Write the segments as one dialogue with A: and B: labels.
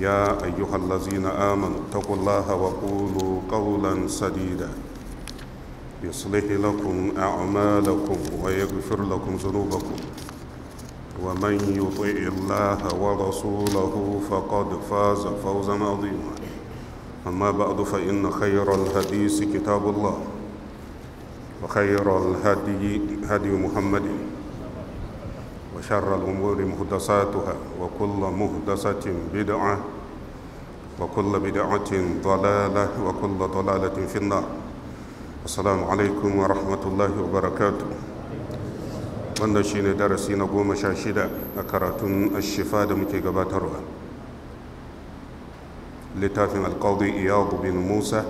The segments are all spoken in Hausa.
A: يا أيها الذين آمنوا اتقوا الله وقولوا قولا سديدا يصلح لكم أعمالكم ويغفر لكم ذنوبكم ومن يطع الله ورسوله فقد فاز فوزا عظيما أما بعد فإن خير الحديث كتاب الله وخير الهدي هدي محمد وشر الأمور مهدساتها وكل مهدسة بدعة وكل بدعة ضلالة وكل ضلالة في النار السلام عليكم ورحمة الله وبركاته wannan shine darasi na goma sha shida a karatun ashifa da muke gabatarwa littafin alkawdi iyadu bin musa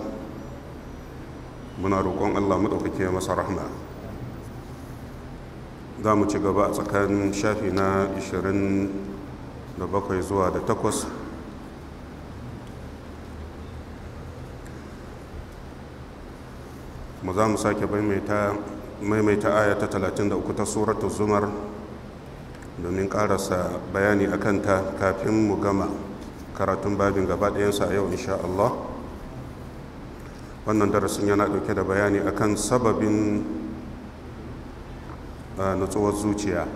A: muna roƙon allah maɗaukake masa rahma za mu ci gaba a tsakanin shafi na 27 zuwa da 8 mu za mu sake maimaita aya ta 33 ta suratun zumar domin karasa bayani a kanta kafin mu gama karatun babin gaba ɗayansa a yau insha Allah wannan darasin yana ɗauke da bayani akan sababin Ah, nutsuwar zuciya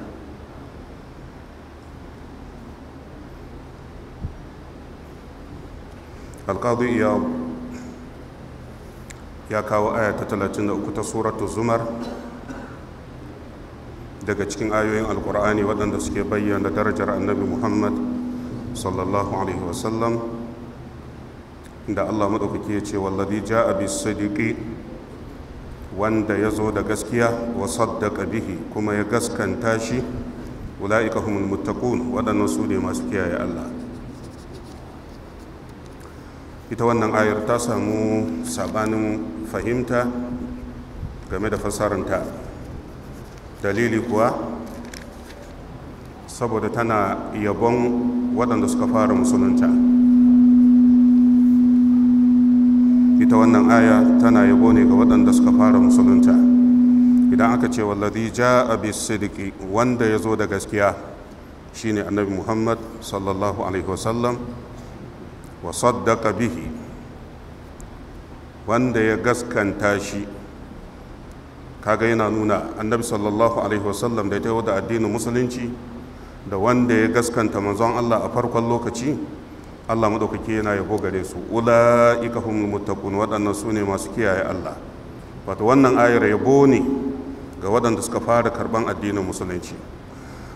A: alkadu iya ya kawo aya ta 33 ta suratu zumar daga cikin ayoyin alkur'ani waɗanda suke bayyana darajar annabi muhammad sallallahu alaihi wasallam da allah maɗaukaki ya ce wallazi ja'a bi sadiqi wanda ya zo da gaskiya wa da bihi kuma ya gaskanta shi ula'ika humul muttaqun waɗannan su ne masu kiyaye Allah ita wannan ayar ta samu sabanin fahimta game da fasaranta dalili kuwa saboda tana yabon waɗanda suka fara musulunta ita wannan aya tana yabo ne ga waɗanda suka fara musulunta idan aka ce wallazi ja'a bisidiki wanda ya zo da gaskiya shine annabi muhammad sallallahu alaihi wasallam wa saddaqa bihi wanda ya gaskanta shi kaga yana nuna annabi sallallahu alaihi wasallam da ya taho da addinin musulunci da wanda ya gaskanta manzon allah a farkon lokaci Allah madaukake yana yabo gare su ulaika humul muttaqun waɗannan su ne masu kiyaye Allah wato wannan ayar yabo ne ga waɗanda suka fara karɓan addinin musulunci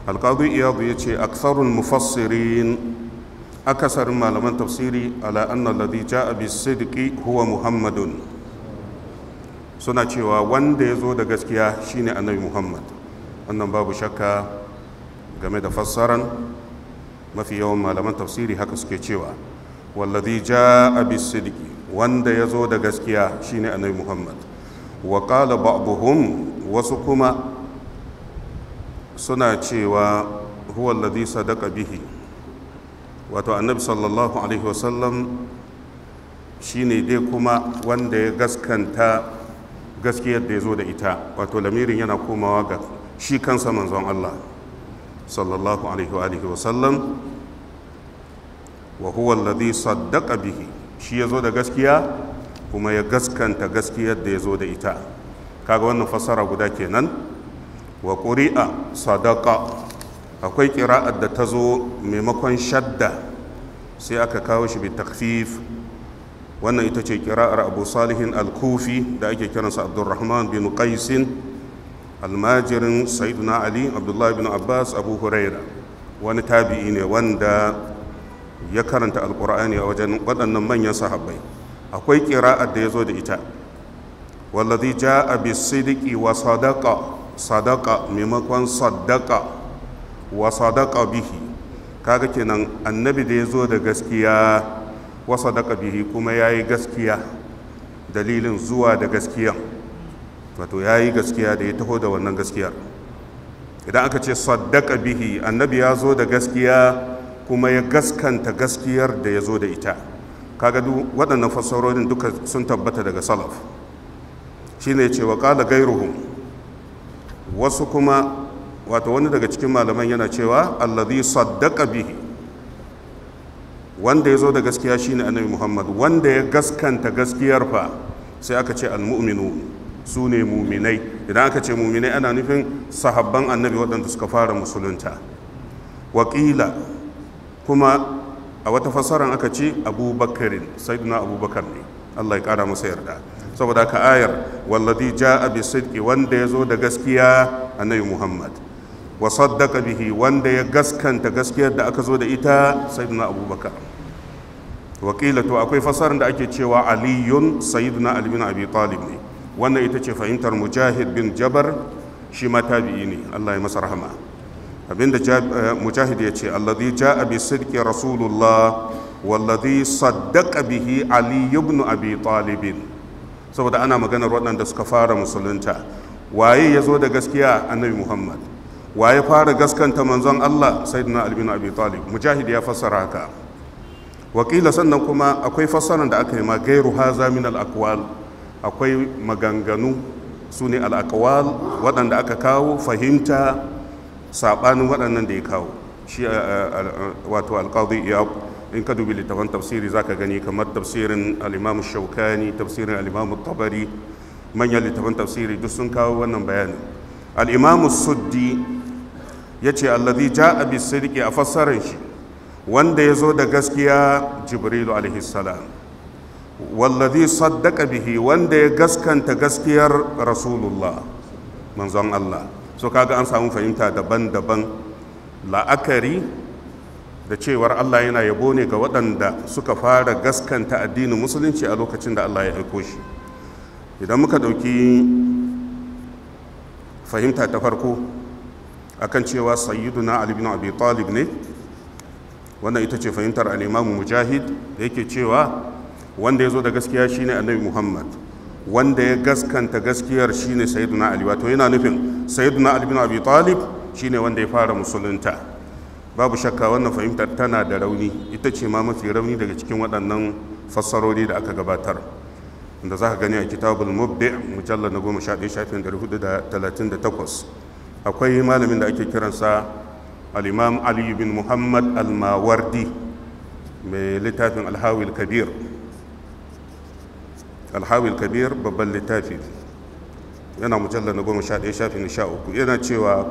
A: alqadi iyadu yace aksarul mufassirin akasarin malaman tafsiri ala anna alladhi ja'a bisidqi huwa muhammadun suna cewa wanda ya zo da gaskiya shine annabi muhammad wannan babu shakka game da fassaran mafi yawan malaman tafsiri haka suke cewa wallazi ja'a bisidqi wanda ya zo da gaskiya shine annabi muhammad wa qala ba'dhum wasu kuma suna cewa huwa allazi sadaqa bihi wato annabi sallallahu alaihi wasallam shine dai kuma wanda ya gaskanta gaskiyar da ya zo da ita wato lamirin yana komawa ga shi kansa manzon Allah sallallahu alaihi wa alihi wasallam wa huwa alladhi saddaqa bihi shi yazo da gaskiya kuma ya gaskanta gaskiyar da yazo da ita kaga wannan fassara guda kenan wa quri'a sadaqa akwai qira'ar da ta zo maimakon shadda sai aka kawo shi bi takfif wannan ita ce kira'ar abu salihin al-kufi da ake kiransa abdurrahman bin qaisin almajirin sayyiduna ali abdullahi bin abbas abu huraira wani tabi'i ne wanda ya karanta alkur'ani a wajen waɗannan manyan sahabbai akwai kira'ar da ya zo da ita wallazi a bisidiki wa sadaka sadaka maimakon sadaka wa sadaka bihi kaga kenan annabi da ya zo da gaskiya wa sadaka bihi kuma ya yi gaskiya dalilin zuwa da gaskiyan wato ya yi gaskiya da ya taho da wannan gaskiyar idan aka ce saddaka bihi annabi ya zo da gaskiya kuma ya gaskanta gaskiyar da ya zo da ita kaga waɗannan fassarorin duka sun tabbata daga salaf shine ce wa qala gairuhum wasu kuma wato wani daga cikin malaman yana cewa allazi saddaka bihi wanda ya zo da gaskiya shine annabi muhammad wanda ya gaskanta gaskiyar fa sai aka ce almu'minu su ne muminai idan aka ce muminai ana nufin sahabban annabi waɗanda suka fara musulunta wakila kuma a wata fassarar aka ce abubakarin saiduna abubakar ne allah ya ƙara masa yarda saboda ka ayar walladi ja'a bi sidqi wanda ya zo da gaskiya annabi muhammad wa saddaka bihi wanda ya gaskanta gaskiyar da aka zo da ita sayyidina abubakar wakila to akwai fasarin da ake cewa aliyun sayyidina ali bin abi talib ne wannan ita ce fahimtar mujahid bin jabar shi ma tabi'i ne Allah ya masa rahama abinda eh, mujahid ya ce alladhi ja'a bi sidqi rasulullah walladhi saddaqa bihi ali ibn abi talib saboda ana maganar waɗanda suka fara musulunta waye ya zo da gaskiya annabi muhammad waye fara gaskanta manzon allah sayyidina ali bin abi talib mujahid ya fassara haka wakila sannan kuma akwai fassarar da aka yi ma gairu haza min al-aqwal akwai maganganu su ne al'akawal waɗanda aka kawo fahimta saɓanin waɗannan da ya kawo shi wato alƙadi ya in ka dubi littafan tafsiri za ka gani kamar tafsirin alimamu shaukani tafsirin alimamu tabari manyan littafan tafsiri duk sun kawo wannan bayanin al'imamu suddi ya ce allazi ja a bisirki a fassarar shi wanda ya zo da gaskiya jibrilu alaihi salam wallazi saddaka bihi wanda ya gaskanta gaskiyar rasulullah manzon Allah so kaga an samu fahimta daban-daban la'akari da cewar Allah yana yabo ne ga waɗanda suka fara gaskanta addinin musulunci a lokacin da Allah ya aiko shi idan muka ɗauki fahimta ta farko akan cewa sayyiduna Ali bin Abi Talib ne wannan ita ce fahimtar al Mujahid da yake cewa wanda ya zo da gaskiya shine annabi muhammad wanda ya gaskanta gaskiyar shine sayyiduna ali wato yana nufin sayyiduna ali bin abi talib shine wanda ya fara musulunta babu shakka wannan fahimtar tana da rauni ita ce ma mafi rauni daga cikin waɗannan fassarori da aka gabatar da za ka gani a kitabul mubbi mujallar na goma sha ɗaya shafin ɗari hudu da talatin da takwas akwai malamin da ake kiransa al'imam ali bin muhammad al-mawardi mai littafin alhawil kabir alhawil kabir babban littafi yana mujallar na goma sha ɗaya shafi na sha uku yana cewa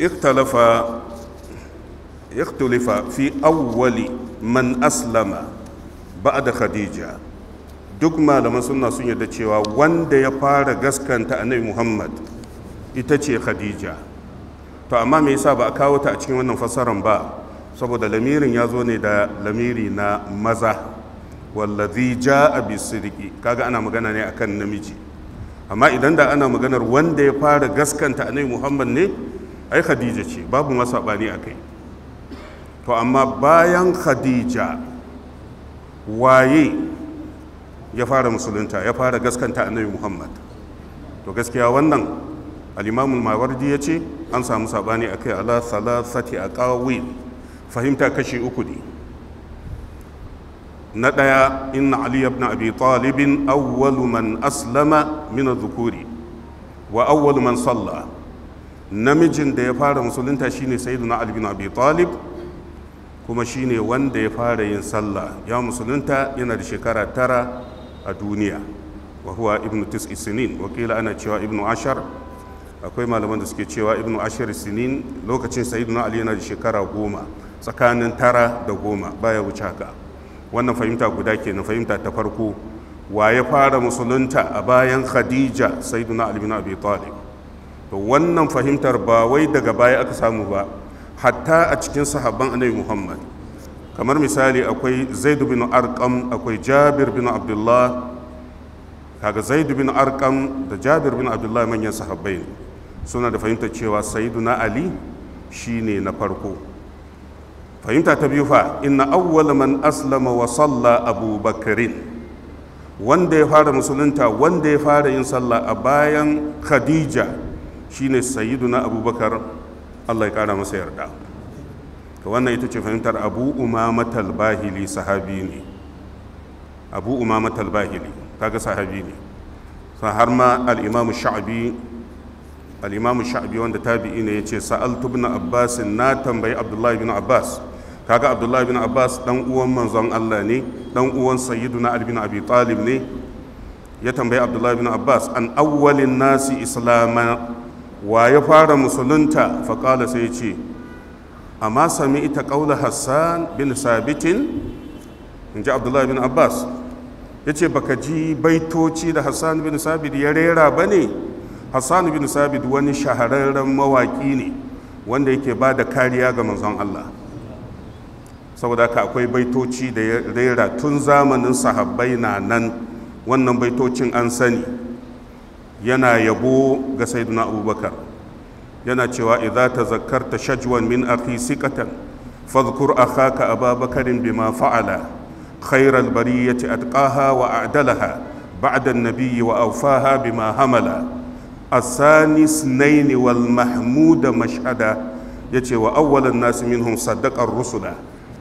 A: ikhtalifa fi awwali man aslama da khadija duk malaman suna sun yarda cewa wanda ya fara gaskanta annabi muhammad ita ce khadija to amma me yasa ba a kawo ta a cikin wannan fassaran ba saboda lamirin ya zo ne da lamiri na maza wallazi ja'a bisidiki kaga ana magana ne akan namiji amma idan da ana maganar wanda ya fara gaskanta annabi Muhammad ne ai Khadija ce babu masabani akai to amma bayan Khadija waye ya fara musulunta ya fara gaskanta annabi Muhammad to gaskiya wannan al-Imam al-Mawardi yace an samu sabani akai ala salasati aqawil fahimta kashi uku ne na ɗaya inna ali ibn abi talibin awwalu man aslama min dhukuri wa awwalu man salla namijin da ya fara musulunta shine sayyiduna ali ibn abi talib kuma shine wanda ya fara yin sallah ya musulunta yana da shekara tara a duniya wa huwa Ibnu tis'i sinin wakila ana cewa Ibnu ashar akwai malaman da suke cewa Ibnu ashar sinin lokacin sayyiduna ali yana da shekara goma tsakanin tara da goma baya wuce haka wannan fahimta guda kenan fahimta ta farko wa ya fara musulunta a bayan khadija sai ali bin abi talib to wannan fahimtar ba wai daga baya aka samu ba hatta a cikin sahabban annabi muhammad kamar misali akwai zaid bin arqam akwai jabir bin abdullah kaga zaid bin arqam da jabir bin abdullah manyan sahabbai suna da fahimtar cewa sayyiduna ali shine na farko fahimta ta biyu fa inna awwal man aslama wa salla abu wanda ya fara musulunta wanda ya fara yin sallah a bayan khadija shine sayyiduna abubakar allah ya kara masa yarda to wannan ita ce fahimtar abu umama talbahili sahabi ne abu umama talbahili kaga sahabi ne har ma al-imam sha'bi al-imam sha'bi wanda tabi'i ne yace sa'altu ibn abbas na tambayi abdullahi ibn abbas kaga abdullahi bin abbas dan uwan manzon allah ne dan uwan sayyiduna ali bin abi talib ne ya tambayi abdullahi bin abbas an awwalin nasi islama wa ya fara musulunta faƙala sai ce amma sami ita ƙaula hassan bin sabitin in ji abdullahi bin abbas ya ce baka ji baitoci da hassan bin sabit ya rera ba ne hassan bin sabit wani shahararren mawaƙi ne wanda yake ba da kariya ga manzon allah saboda haka akwai baitoci da ya rera tun zamanin sahabbai na nan wannan baitocin an sani yana yabo ga sayyiduna abubakar yana cewa idza tazakkarta shajwan min akhi siqatan fadhkur akhaka ababakarin bima fa'ala khairal bariyati atqaha wa a'dalaha ba'da an-nabiyyi wa awfaha bima hamala الثاني اثنين والمحمود مشهدا يتي وأول الناس منهم صدق الرسل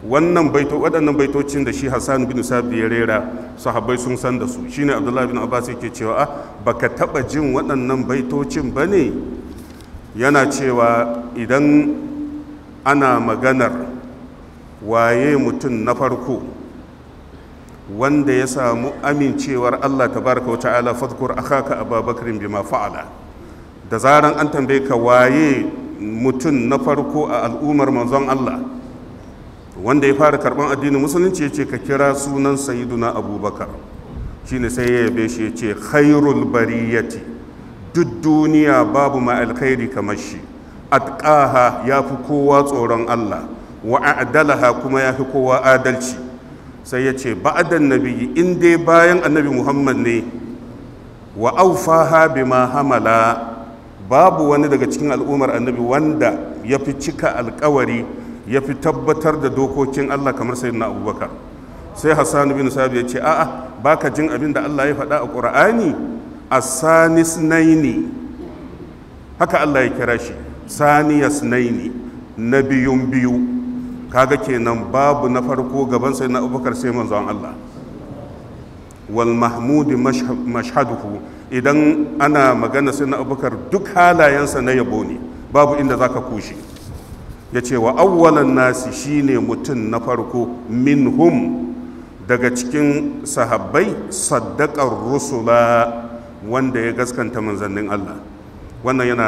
A: wannan baito waɗannan baitocin da shi Hassan bin Sabi ya rera sahabbai sun san da su shine Abdullahi bin Abbas yake cewa a ah, baka taba jin waɗannan baitocin ba ne yana cewa idan ana maganar waye mutum na farko wanda ya samu amincewar Allah tabaraka wa ta'ala fadkur akhaka ababakrin bima fa'ala da zaran an tambaye ka waye mutum na farko a al'ummar manzon Allah wanda ya fara karban addinin musulunci ya ce ka kira sunan sayyiduna abubakar shine sai ya yabe shi ya ce khairul bariyati duk duniya babu ma alkhairi kamar shi atqaha ya fi kowa tsoron allah wa a'dalaha kuma ya fi kowa adalci sai ya ce ba'adan nabiyyi in dai bayan annabi muhammad ne wa aufaha bima hamala babu wani daga cikin al'ummar annabi wanda ya fi cika alkawari ya fi tabbatar da dokokin Allah kamar sayyidina abubakar sai hassan bin sabi ya ce a'a baka jin abin da Allah ya faɗa a ƙur'ani asanis naini haka Allah ya kira shi saniyas naini na biyun biyu kaga kenan babu na farko gaban sayyidina abubakar sai manzon Allah wal mahmudi mashhaduhu idan ana magana sayyidina abubakar duk halayensa na yabo ne babu inda zaka kushe ya ce wa awwalan nasi shine mutum na farko minhum daga cikin sahabbai saddakar rusula wanda ya gaskanta manzannin Allah wannan yana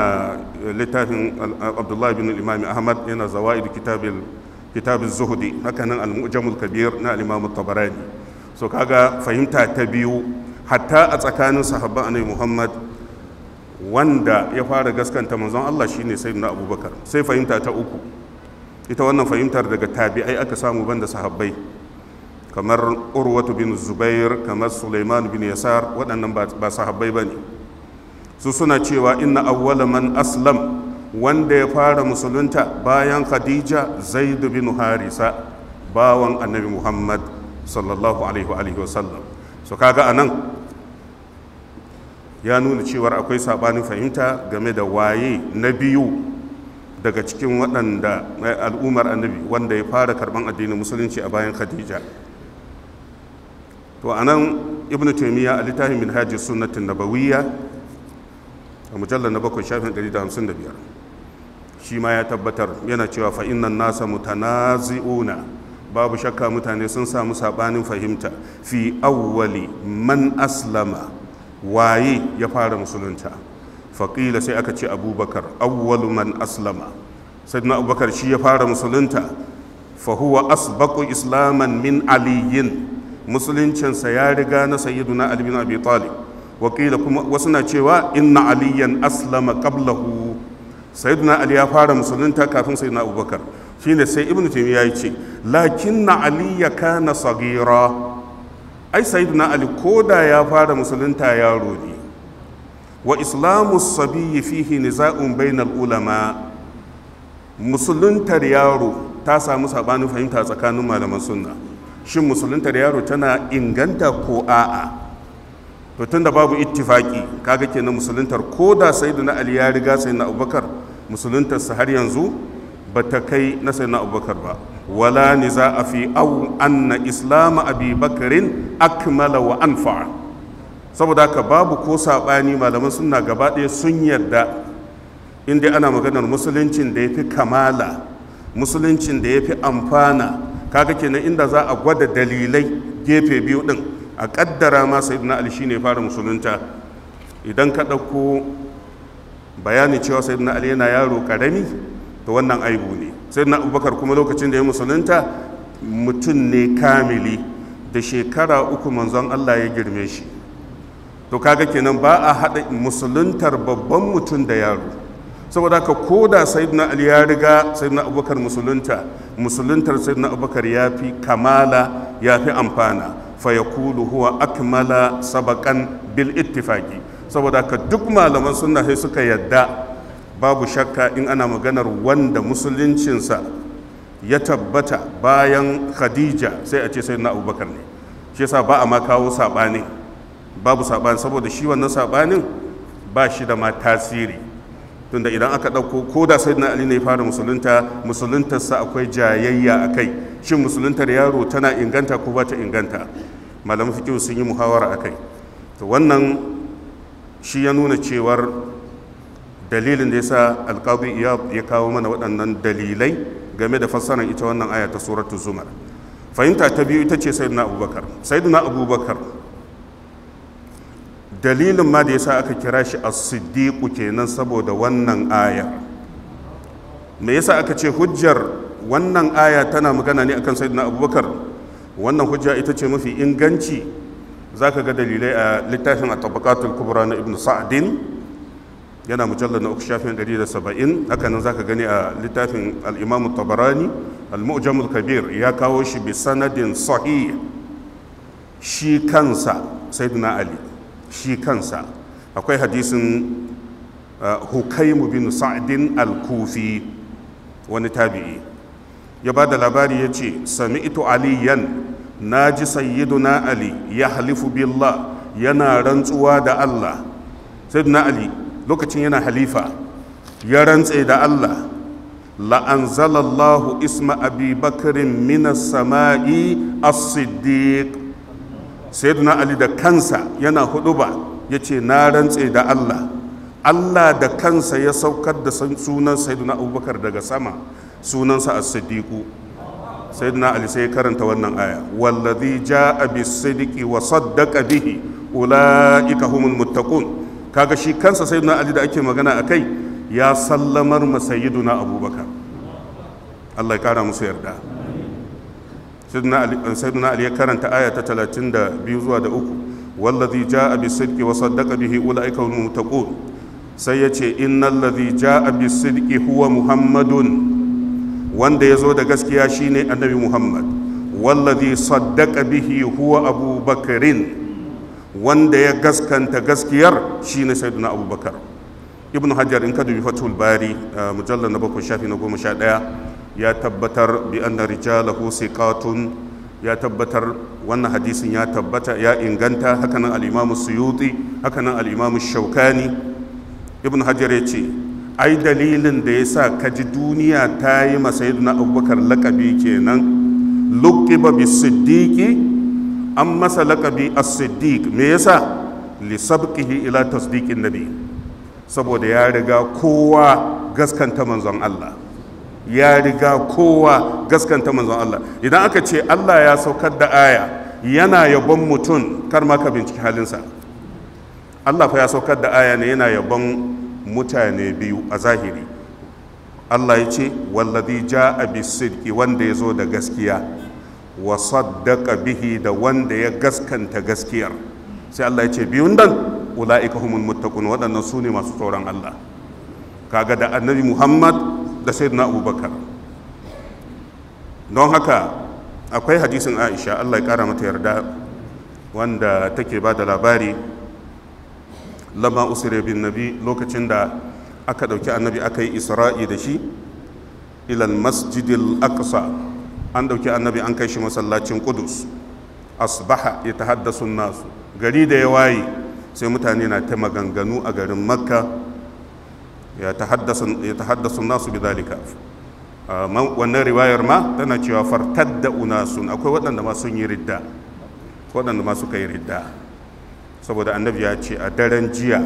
A: eh, littafin abdullahi bin imam ahmad yana zawa'id kitabin kitabin zuhudi hakanan al-mu'jamul kabir na al-imam tabarani so kaga fahimta ta biyu hatta a tsakanin sahabba annabi muhammad wanda ya fara gaskanta manzon Allah shine sayyidina abubakar sai fahimta ta uku ita wannan fahimtar daga tabi'ai aka samu banda sahabbai kamar urwatu bin zubair kamar suleiman bin yasar waɗannan ba sahabbai ba ne su suna cewa inna awwala man aslam wanda ya fara musulunta bayan khadija zaidu bin harisa bawan annabi muhammad sallallahu alaihi wa sallam so kaga anan ya nuna cewar akwai sabanin fahimta game da waye na biyu daga cikin waɗanda eh, al'ummar annabi wanda ya fara karɓar addinin musulunci a bayan khadija to anan ibn Taimiyya a littafin minhajis sunnatin nabawiyya a mujallar na bakwai shafin 155 shi ma ya tabbatar yana cewa fa'inan nasa mutanazi'una babu shakka mutane sun samu sabanin fahimta fi awwali man aslama waye ya fara musulunta faƙila sai aka ce abubakar awwalu man aslama na abubakar shi ya fara musulunta fahuwa asbaku islaman min aliyin musuluncinsa ya riga na sayyiduna ali bin abi talib wakila kuma wasu na cewa inna aliyan aslama qablahu na ali ya fara musulunta kafin na abubakar shine sai ibnu taymiya ya ce lakinna aliya kana sagira ai sayyiduna ali koda ya fara musulunta yaro ne wa islamu sabiyyi fihi niza'un bainal ulama musuluntar yaro ta samu sabanin fahimta tsakanin malaman sunna shin musuluntar yaro tana inganta ko a'a to tunda babu ittifaki kaga kenan musuluntar ko da sayyiduna ali ya riga sayyidina abubakar musuluntar sa har yanzu ba ta kai na sayyidina abubakar ba wala a fi au anna islam abi bakrin akmala wa anfa saboda ka babu ko saɓani malaman sunna gaba ɗaya sun yarda inda ana maganar musuluncin da ya fi kamala musuluncin da ya fi amfana kaga kenan inda za a gwada dalilai gefe biyu ɗin a kaddara ma sayyidina ali shine fara musulunta idan ka ɗauko bayanin cewa sayyidina ali yana yaro ƙarami to wannan aibu ne sai na abubakar kuma lokacin da ya musulunta mutum ne kamili da shekara uku manzon allah ya girme shi to kaga kenan ba a haɗa musuluntar babban mutum da yaro saboda ko da sayyidina ali ya riga sayyidina abubakar musulunta musuluntar sayyidina abubakar ya fi kamala ya fi amfana fayakulu huwa akmala sabakan bil ittifaki saboda ka duk malaman sunna sai suka yadda babu shakka in ana maganar wanda musuluncinsa ya tabbata bayan khadija sai a ce sai na abubakar ne shi yasa ba a ma kawo saɓani babu saɓani saboda shi wannan saɓanin ba shi da ma tasiri tunda idan aka ɗauko ko da sai na ali ne fara musulunta musuluntarsa akwai jayayya a kai shin musuluntar yaro tana inganta ko ba ta inganta malamai fikihu sun yi muhawara a kai to wannan shi ya nuna cewar dalilin da yasa alqadi iyab ya kawo mana waɗannan dalilai game da fassarar ita wannan aya ta suratul zumar fahimta ta biyu ita ce sayyidina abubakar sayyidina abubakar dalilin ma da yasa aka kira shi as-siddiqu kenan saboda wannan aya me yasa aka ce hujjar wannan aya tana magana ne akan sayyidina abubakar wannan hujja ita ce mafi inganci zaka ga dalilai a littafin at-tabaqatul kubra na ibnu sa'din yana mujallar na uku shafin saba'in haka nan zaka gani a littafin al tabarani al-mu'jamul kabir ya kawo shi bi sanadin sahih shi kansa sayyidina ali shi kansa akwai hadisin uh, hukaimu bin sa'din al-kufi wani tabi'i ya ba da labari ya ce sami'tu aliyan na ji sayyiduna ali ya halifu billah yana rantsuwa da allah sayyiduna ali lokacin yana halifa ya rantse da Allah la'anzalallahu isma abi bakarin minas sama'i as-siddiq sayyiduna ali da kansa yana huduba ya ce na rantse da Allah Allah da kansa ya saukar da sunan sayyiduna abubakar daga sama sunansa as-siddiqu sayyiduna ali sai karanta wannan aya wallazi ja'a bis-siddiqi wa saddaqa bihi ulaika humul muttaqun kaga shi kansa sayyiduna ali da ake magana a kai ya sallamar ma sayyiduna abubakar allah ya kara musu yarda sayyiduna ali ya karanta aya ta 32 zuwa da uku wallazi ja'a bisidqi wa saddaqa bihi ulaika hum muttaqun sai ya ce innal ladhi ja'a bisidqi huwa muhammadun wanda ya zo da gaskiya shine annabi muhammad wallazi saddaqa bihi huwa abubakarin wanda ya gaskanta gaskiyar shi shine sayyiduna abubakar ibn hajar in ka dubi fatul bari uh, mujallar na bakwai shafi na goma sha ɗaya ya tabbatar bi anna rijalahu siqatun ya tabbatar wannan hadisin ya tabbata ya inganta hakanan al-imamu suyuti hakanan al-imamu shaukani ibn hajar ya ce ai dalilin da ya sa ka ji duniya ta yi masayiduna abubakar lakabi kenan luqiba bi siddiqi an masa lakabi a siddiq me yasa li sabqihi ila tasdiqin nabi saboda ya riga kowa gaskanta manzon Allah ya riga kowa gaskanta manzon Allah idan aka ce Allah ya saukar da aya yana yabon mutum kar ma ka binciki halinsa Allah fa ya saukar da aya ne yana yabon mutane biyu a zahiri Allah ya ce wallazi ja'a bis-sidqi wanda yazo da gaskiya wa bihi da wanda ya gaskanta gaskiyar sai Allah ya ce biyun dan ula'ika humul muttaqun waɗannan su ne masu tsoron Allah kaga da annabi Muhammad da sayyidina Abubakar don haka akwai hadisin Aisha Allah ya kara mata yarda wanda take ba da labari lama usire bin nabi lokacin da aka ɗauki annabi aka yi isra'i da shi ilal masjidil aqsa an dauki annabi an kai shi masallacin kudus asbaha ya tahaddasu nasu gari da ya waye sai mutane na ta maganganu a garin makka ya tahaddasu nasu bidalika ah, wannan riwayar ma tana cewa fartadda unasun akwai waɗanda ma sun yi ridda waɗanda ma suka yi ridda saboda annabi ya ce a daren jiya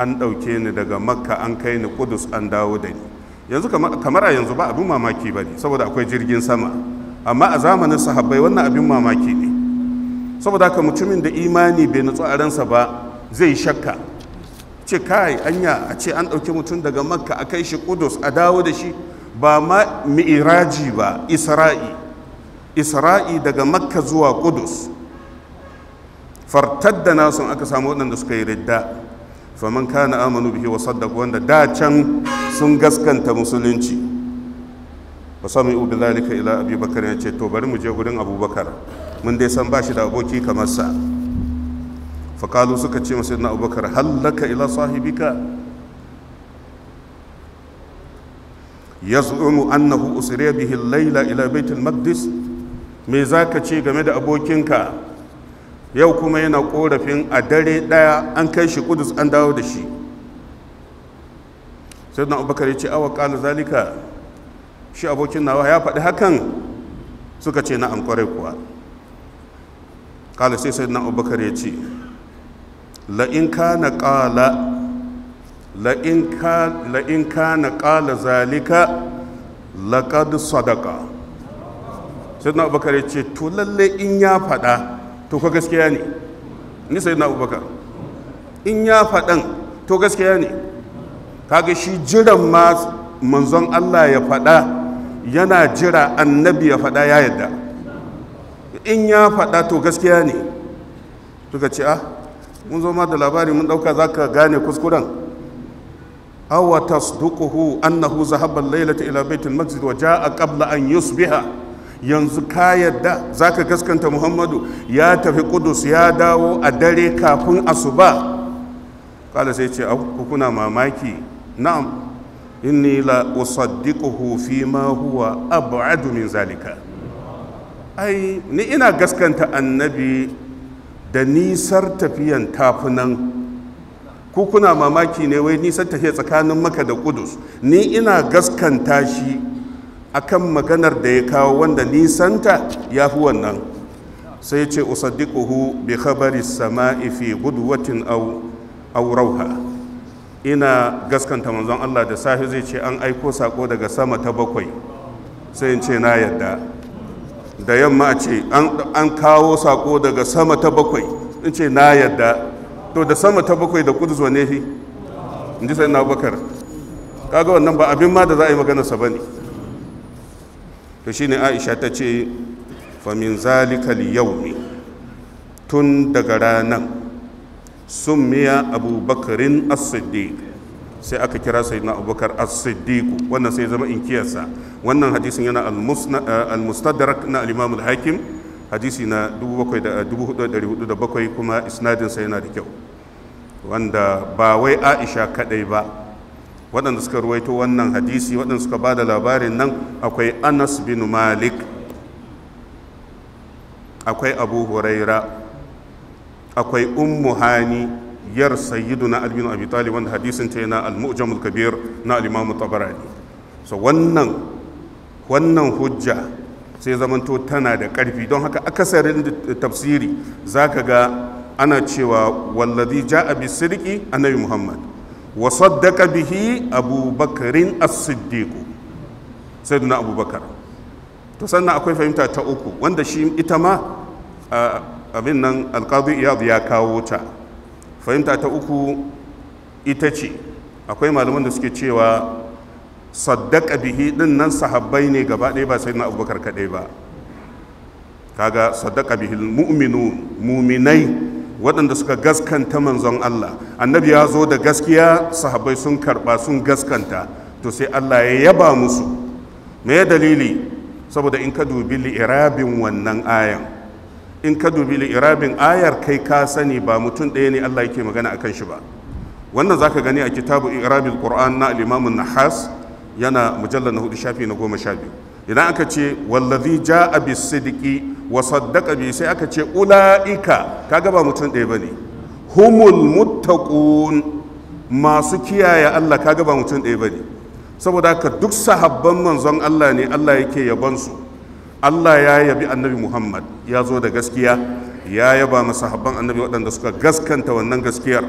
A: an ɗauke ni daga makka an kai ni kudus an dawo da ni yanzu kamar a yanzu ba abin mamaki ba ne saboda akwai jirgin sama amma a zamanin sahabbai wannan abin mamaki ne saboda haka mutumin da imani bai nutsu a ransa ba zai shakka ce kai anya a ce an ɗauki mutum daga makka a kai shi kudus a dawo da shi ba ma mi'iraji ba isra'i isra'i daga makka zuwa kudus fartar da nasu aka samu waɗanda suka yi ridda faman kana amanu bihi wa saddaq wanda da can sun gaskanta musulunci wa sami bi lalika ila abi bakar ya ce to bari mu je wurin abubakar mun dai san bashi da aboki kamar sa fakalu suka ce masa na abubakar hallaka ila sahibika yaz'umu annahu usriya bihi al-laila ila baitul maqdis me zaka ce game da abokinka yau kuma yana korafin a dare daya an kai shi kudus an dawo da shi sayyidina abubakar ya ce awa ƙalu zalika shi abokin nawa ya faɗi hakan suka ce na an kuwa kala sai sai na abubakar ya ce la'in ka na ƙala la'in ka na ƙala zalika laƙadu sadaka sai na abubakar ya ce to lalle in ya faɗa to ka gaskiya ne ni sai na abubakar in ya faɗan to gaskiya ne kaga shi jiran ma manzon allah ya faɗa yana jira annabi ya faɗa ya yadda in ya faɗa to gaskiya ne suka ce ah mun zo ma da labari mun ɗauka za ka gane kuskuren awa tasduquhu annahu zahaba lailata ila baitul maqdis wa jaa qabla an yusbiha yanzu ka yadda zaka gaskanta muhammadu ya tafi kudus ya dawo a dare kafin asuba kala sai ce ku kuna mamaki na'am inni la usaddiquhu fi ma huwa ab'adu min zalika ai ni ina gaskanta annabi da nisar tafiyan tafunan ku kuna mamaki ne wai nisar tafiya tsakanin maka da kudus ni ina gaskanta shi akan maganar da ya kawo wanda nisanta ya fi wannan sai ce usaddiquhu bi khabari sama'i fi gudwatin aw aw rauha ina gaskanta manzon Allah da safe zai ce an aiko sako daga sama ta bakwai sai in ce na yadda da yamma a ce an kawo sako daga sama ta bakwai in ce na yadda to da sama ta bakwai da kudu ne fi in ji sai na bakar kaga wannan ba abin ma da za a yi maganarsa ba ne to shi ne aisha ta ce famin zalika liyaumi tun daga ranar summiya abubakarin as-siddiq sai aka kira sai na abubakar as-siddiq wannan sai zama inkiyarsa wannan hadisin yana eh, al-mustadrak na al-imam al-hakim hadisi na 4447 eh, kuma isnadinsa yana da kyau wanda ba wai aisha kadai ba waɗanda suka ruwaito wannan hadisi waɗanda suka ba da labarin nan akwai anas bin malik akwai abu huraira akwai ummu hani yar sayyiduna albinu abi talib wanda hadisin ta yana al-mu'jamul kabir na al-imam tabarani so wannan wannan hujja sai zamanto tana da karfi don haka akasarin tafsiri zaka ga ana cewa wallazi ja'a bi sidqi annabi muhammad wa saddaqa bihi abubakarin as-siddiq sayyiduna abubakar to sannan akwai fahimta ta uku wanda shi ita ma ah, abin nan alkazu iyad ya kawo ta fahimta ta uku ita ce akwai malaman da suke cewa saddaka bihi din nan sahabbai ne gaba ɗaya ba sai na abubakar kaɗai ba kaga saddaka bihi mu'minu muminai waɗanda suka gaskanta manzon Allah annabi ya zo da gaskiya sahabbai sun karɓa sun gaskanta to sai Allah ya yaba musu me dalili saboda in ka dubi li'irabin wannan ayan in ka dubi irabin ayar kai ka sani ba mutum ɗaya ne Allah yake magana a kan shi ba wannan zaka gani a kitabu irabin qur'an na al nahas yana mujallar na hudu shafi na goma shafi idan aka ce wallazi ja'a bisidiki wa saddaqa bi sai aka ce ula'ika kaga ba mutum ɗaya ne humul muttaqun masu kiyaye Allah kaga ba mutum ɗaya bane saboda haka duk sahabban manzon Allah ne Allah yake yabon su Allah ya yabi annabi Muhammad ya zo da gaskiya ya yaba masahabban annabi waɗanda suka gaskanta wannan gaskiyar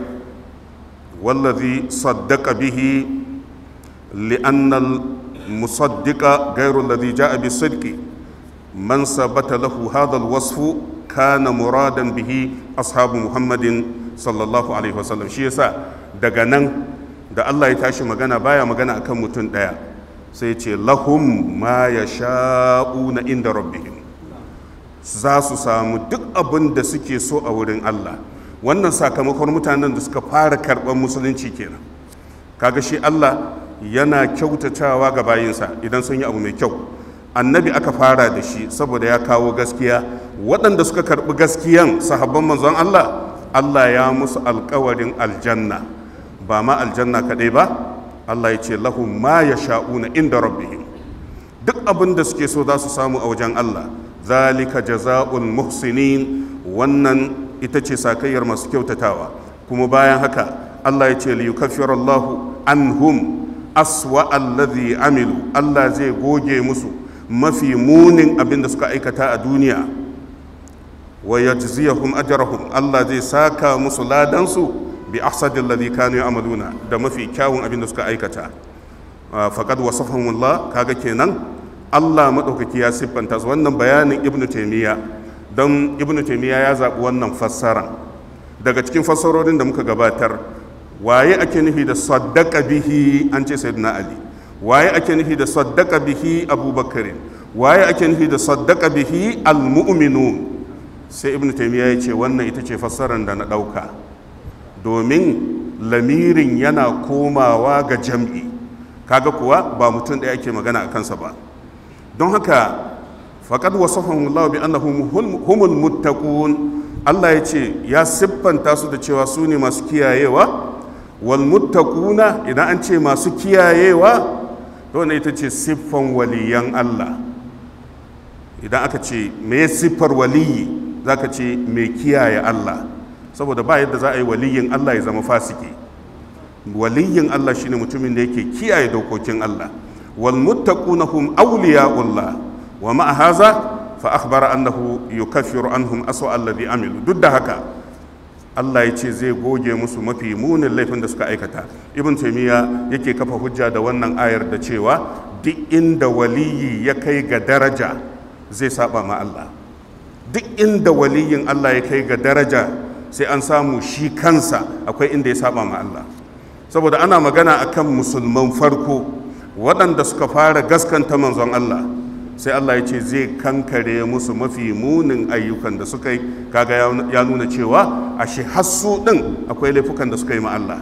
A: wallazi sadaka bihi li'anna musaddiqa ghayru alladhi ja'a bisidqi man sabata lahu hadha alwasfu kana muradan bihi ashabu Muhammadin sallallahu alaihi wasallam shi yasa daga nan da Allah ya tashi magana baya magana akan mutum ɗaya sai ce lahum ma ya sha'u na inda rabbihim za su samu duk abin da suke so a wurin Allah wannan sakamakon mutanen da suka fara karɓar musulunci kenan kaga shi Allah yana kyautatawa ga bayinsa idan sun yi abu mai kyau annabi aka fara da shi saboda ya kawo gaskiya waɗanda suka karɓi gaskiyan sahabban manzon Allah Allah ya musu alkawarin aljanna ba ma aljanna kaɗai ba Allah ya ce lahum ma sha'una inda rabbihim duk abin da suke so za su samu a wajen Allah zalika jaza'ul muhsinin wannan ita ce sakayyar masu kyautatawa kuma bayan haka Allah ya ce li anhum aswa allazi amilu Allah zai goge musu mafi munin abin da suka aikata a duniya wa yajziyahum ajrahum Allah zai saka musu ladansu bi ahsadil ladhi kanu ya'maluna da mafi kyawun abin da suka aikata ah, faqad wasafahum Allah kaga kenan Allah madaukaki ya siffanta su wannan bayanin ibn taymiya don ibn taymiya ya zabi wannan fassara daga cikin fassarorin da muka gabatar waye ake nufi da saddaqa bihi an ce sayyidina ali waye ake nufi da saddaqa bihi abubakar waye ake nufi da saddaqa bihi almu'minun sai ibn taymiya ya ce wannan ita ce fassarar da na dauka domin lamirin yana komawa ga jam'i kaga kuwa ba mutum ɗaya ake magana a kansa ba don haka faƙad wasafan hannun bi annahu humul muttaqun Allah ya ce ya siffanta su da cewa su ne masu kiyayewa wal muttaquna idan an ce masu kiyayewa to ne ita ce siffan waliyan Allah idan aka ce me siffar waliyi ka ce mai kiyaye Allah saboda ba yadda za a yi waliyin Allah ya zama fasiki waliyin Allah shine mutumin da yake kiyaye dokokin Allah wal muttaquna hum awliya'ullah wa ma fa akhbara annahu yukaffiru anhum aswa alladhi amilu duk da haka Allah ya ce zai goge musu mafi munin laifin da suka aikata ibn taymiya yake kafa hujja da wannan ayar da cewa duk inda waliyi ya kai ga daraja zai saba ma Allah duk inda waliyin Allah ya kai ga daraja sai an samu shi kansa akwai inda ya saba ma Allah saboda ana magana akan musulman farko waɗanda suka fara gaskanta manzon Allah sai Allah ya ce zai kankare musu mafi munin ayyukan da suka yi kaga ya nuna cewa a shi hassu ɗin akwai laifukan da suka yi ma Allah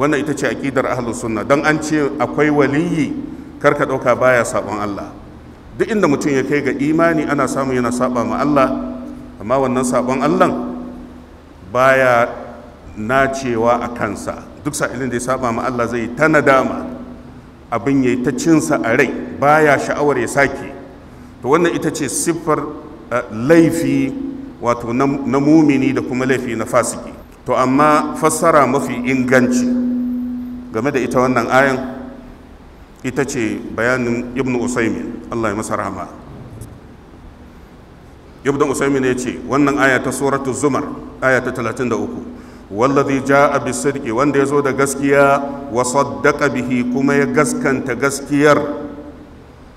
A: wannan ita ce aƙidar ahlu sunna don an ce akwai waliyi karka ɗauka baya saɓon Allah duk inda mutum ya kai ga imani ana samu yana saɓa ma Allah amma wannan saɓon Allah baya nacewa a kansa duk sa'ilin da ya saba ma Allah zai ta nadama abin ya yi ta cinsa a rai baya sha'awar ya sake to wannan ita ce siffar eh, laifi wato na mumini da kuma laifi na fasiki to amma fassara mafi inganci game da ita wannan ayan ita ce bayanin ibn usaimin Allah ya masa rahama ibn usaymin ya ce wannan aya ta suratu zumar aya ta 33 wallazi ja'a bisidqi wanda yazo da gaskiya wa saddaqa bihi kuma ya gaskanta gaskiyar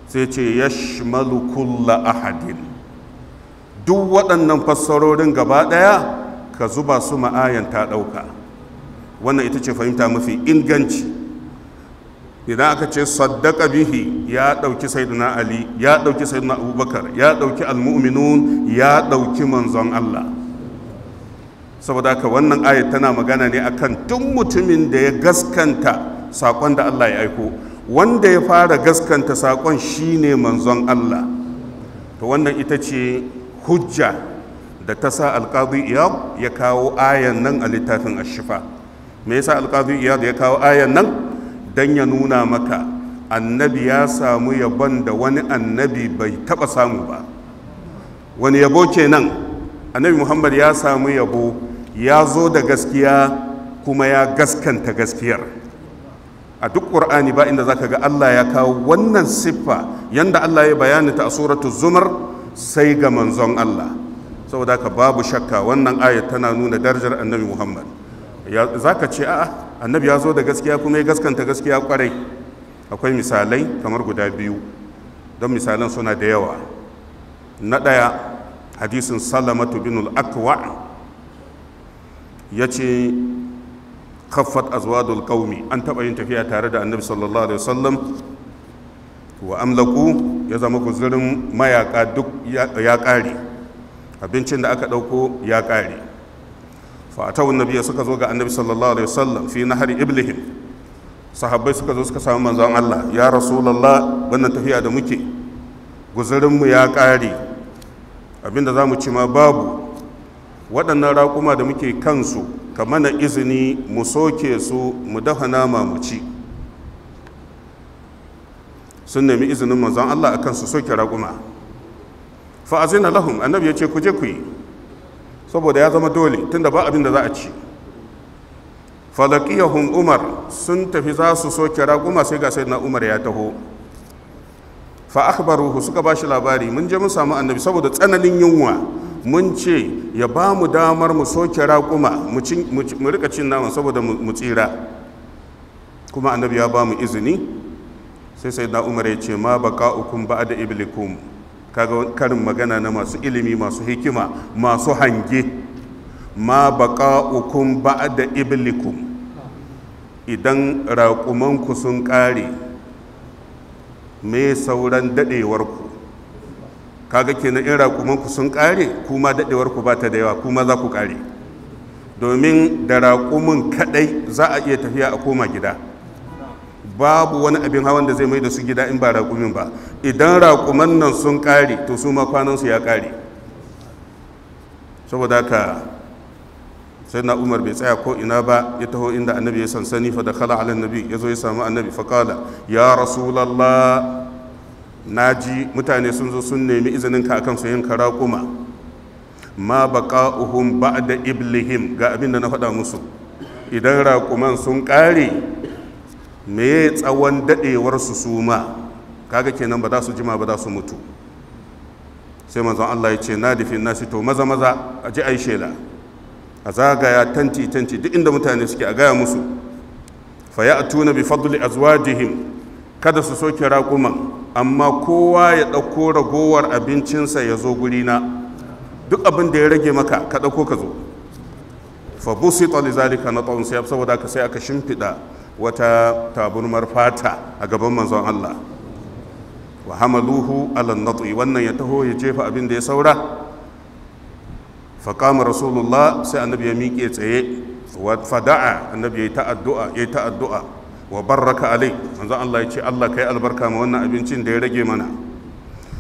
A: sai ce yashmalu kulla ahadin duk waɗannan fassarorin gaba ɗaya ka zuba su ma'ayan ta ɗauka wannan ita ce fahimta mafi inganci idan aka ce saddaka bihi ya ɗauki sayyidina ali ya ɗauki sayyidina abubakar ya ɗauki almu'minun ya ɗauki manzon allah saboda haka wannan ayat tana magana ne akan duk mutumin da ya gaskanta sakon da allah ya aiko wanda ya fara gaskanta sakon shine manzon allah to wannan ita ce hujja da ta sa alƙadu iyad ya kawo ayan nan a littafin ashifa me yasa alƙadu iyad ya kawo ayan nan don ya nuna maka annabi ya samu yabon da wani annabi bai taba samu ba wani yabo kenan annabi muhammad ya samu yabo ya zo da gaskiya kuma ya gaskanta gaskiyar a duk ƙur'ani ba inda zaka ga allah ya kawo wannan siffa yanda allah ya bayani ta a suratu zumar sai ga manzon allah saboda haka babu shakka wannan ayat tana nuna darajar annabi muhammad za ka ce a'a annabi ya zo da gaskiya kuma ya gaskanta gaskiya kwarai akwai misalai kamar guda biyu don misalan suna da yawa na ɗaya hadisin salamatu bin al'akwa ya ce kaffat azwadul qaumi an taɓa yin tafiya tare da annabi sallallahu alaihi wasallam wa amlaku ya zama guzurin mayaka duk ya ƙare abincin da aka ɗauko ya ƙare fa na nabiyya suka zo ga annabi sallallahu alaihi wasallam fi na har iblihim sahabbai suka zo suka samu manzon Allah ya rasulullah wannan tafiya da muke guzurin mu ya kare abinda zamu ci ma babu waɗannan raƙuma da muke kansu ka mana izini mu soke su mu dafa nama mu ci sun nemi izinin manzon Allah akan su soke raƙuma fa azina lahum annabi ya ce ku je ku yi saboda ya zama dole tunda ba abin da za a ci falakiyahun umar sun tafi za su soke raguma sai ga na umar ya taho fa akhbaruhu suka bashi labari mun je mun samu annabi saboda tsananin yunwa mun ce ya ba mu damar mu soke raguma mu rika cin naman saboda mu tsira kuma annabi ya ba mu izini sai na umar ya ce ma ba da iblikum kaga karin magana na masu ilimi masu hikima masu hange ma ba da iblikum idan raƙumanku sun ƙare me sauran daɗewarku kaga kenan in raƙumanku sun ƙare kuma daɗewarku ba ta da yawa kuma za ku ƙare domin da raƙumin kaɗai za a iya tafiya a koma gida babu wani abin hawan da zai mai da su gida in ba raƙumin ba idan raƙuman nan sun ƙare to su ma kwanansu ya ƙare saboda ka sai na umar bai tsaya ko ina ba ya taho inda annabi ya sansani fa da kala ala annabi ya zo ya samu annabi fa kala ya rasulallah na ji mutane sun zo sun nemi izinin ka akan su yin karakuma ma da da iblihim ga abin da na faɗa musu idan raƙuman sun ƙare me tsawon daɗewarsu su suma kaga kenan ba za su jima ba za su mutu sai manzon Allah ya ce na difin nasi to maza maza a ji ai a zagaya tanti tanti duk inda mutane suke a gaya musu fa tuna bi fadli azwajihim kada su soke raƙuman amma kowa ya ɗauko ragowar abincinsa ya zo guri na. duk abin da ya rage maka ka ɗauko ka zo fa busita li zalika na saboda ka sai aka shimfiɗa wata taburmar fata a gaban manzon Allah wa hamaluhu ala natsi wannan ya taho ya jefa abin da ya saura faqama rasulullah sai annabi ya miƙe tsaye wa fada'a annabi yayi ta'addu'a wa baraka alai manzon Allah ya ce Allah kai albarka ma wannan abincin da ya rage mana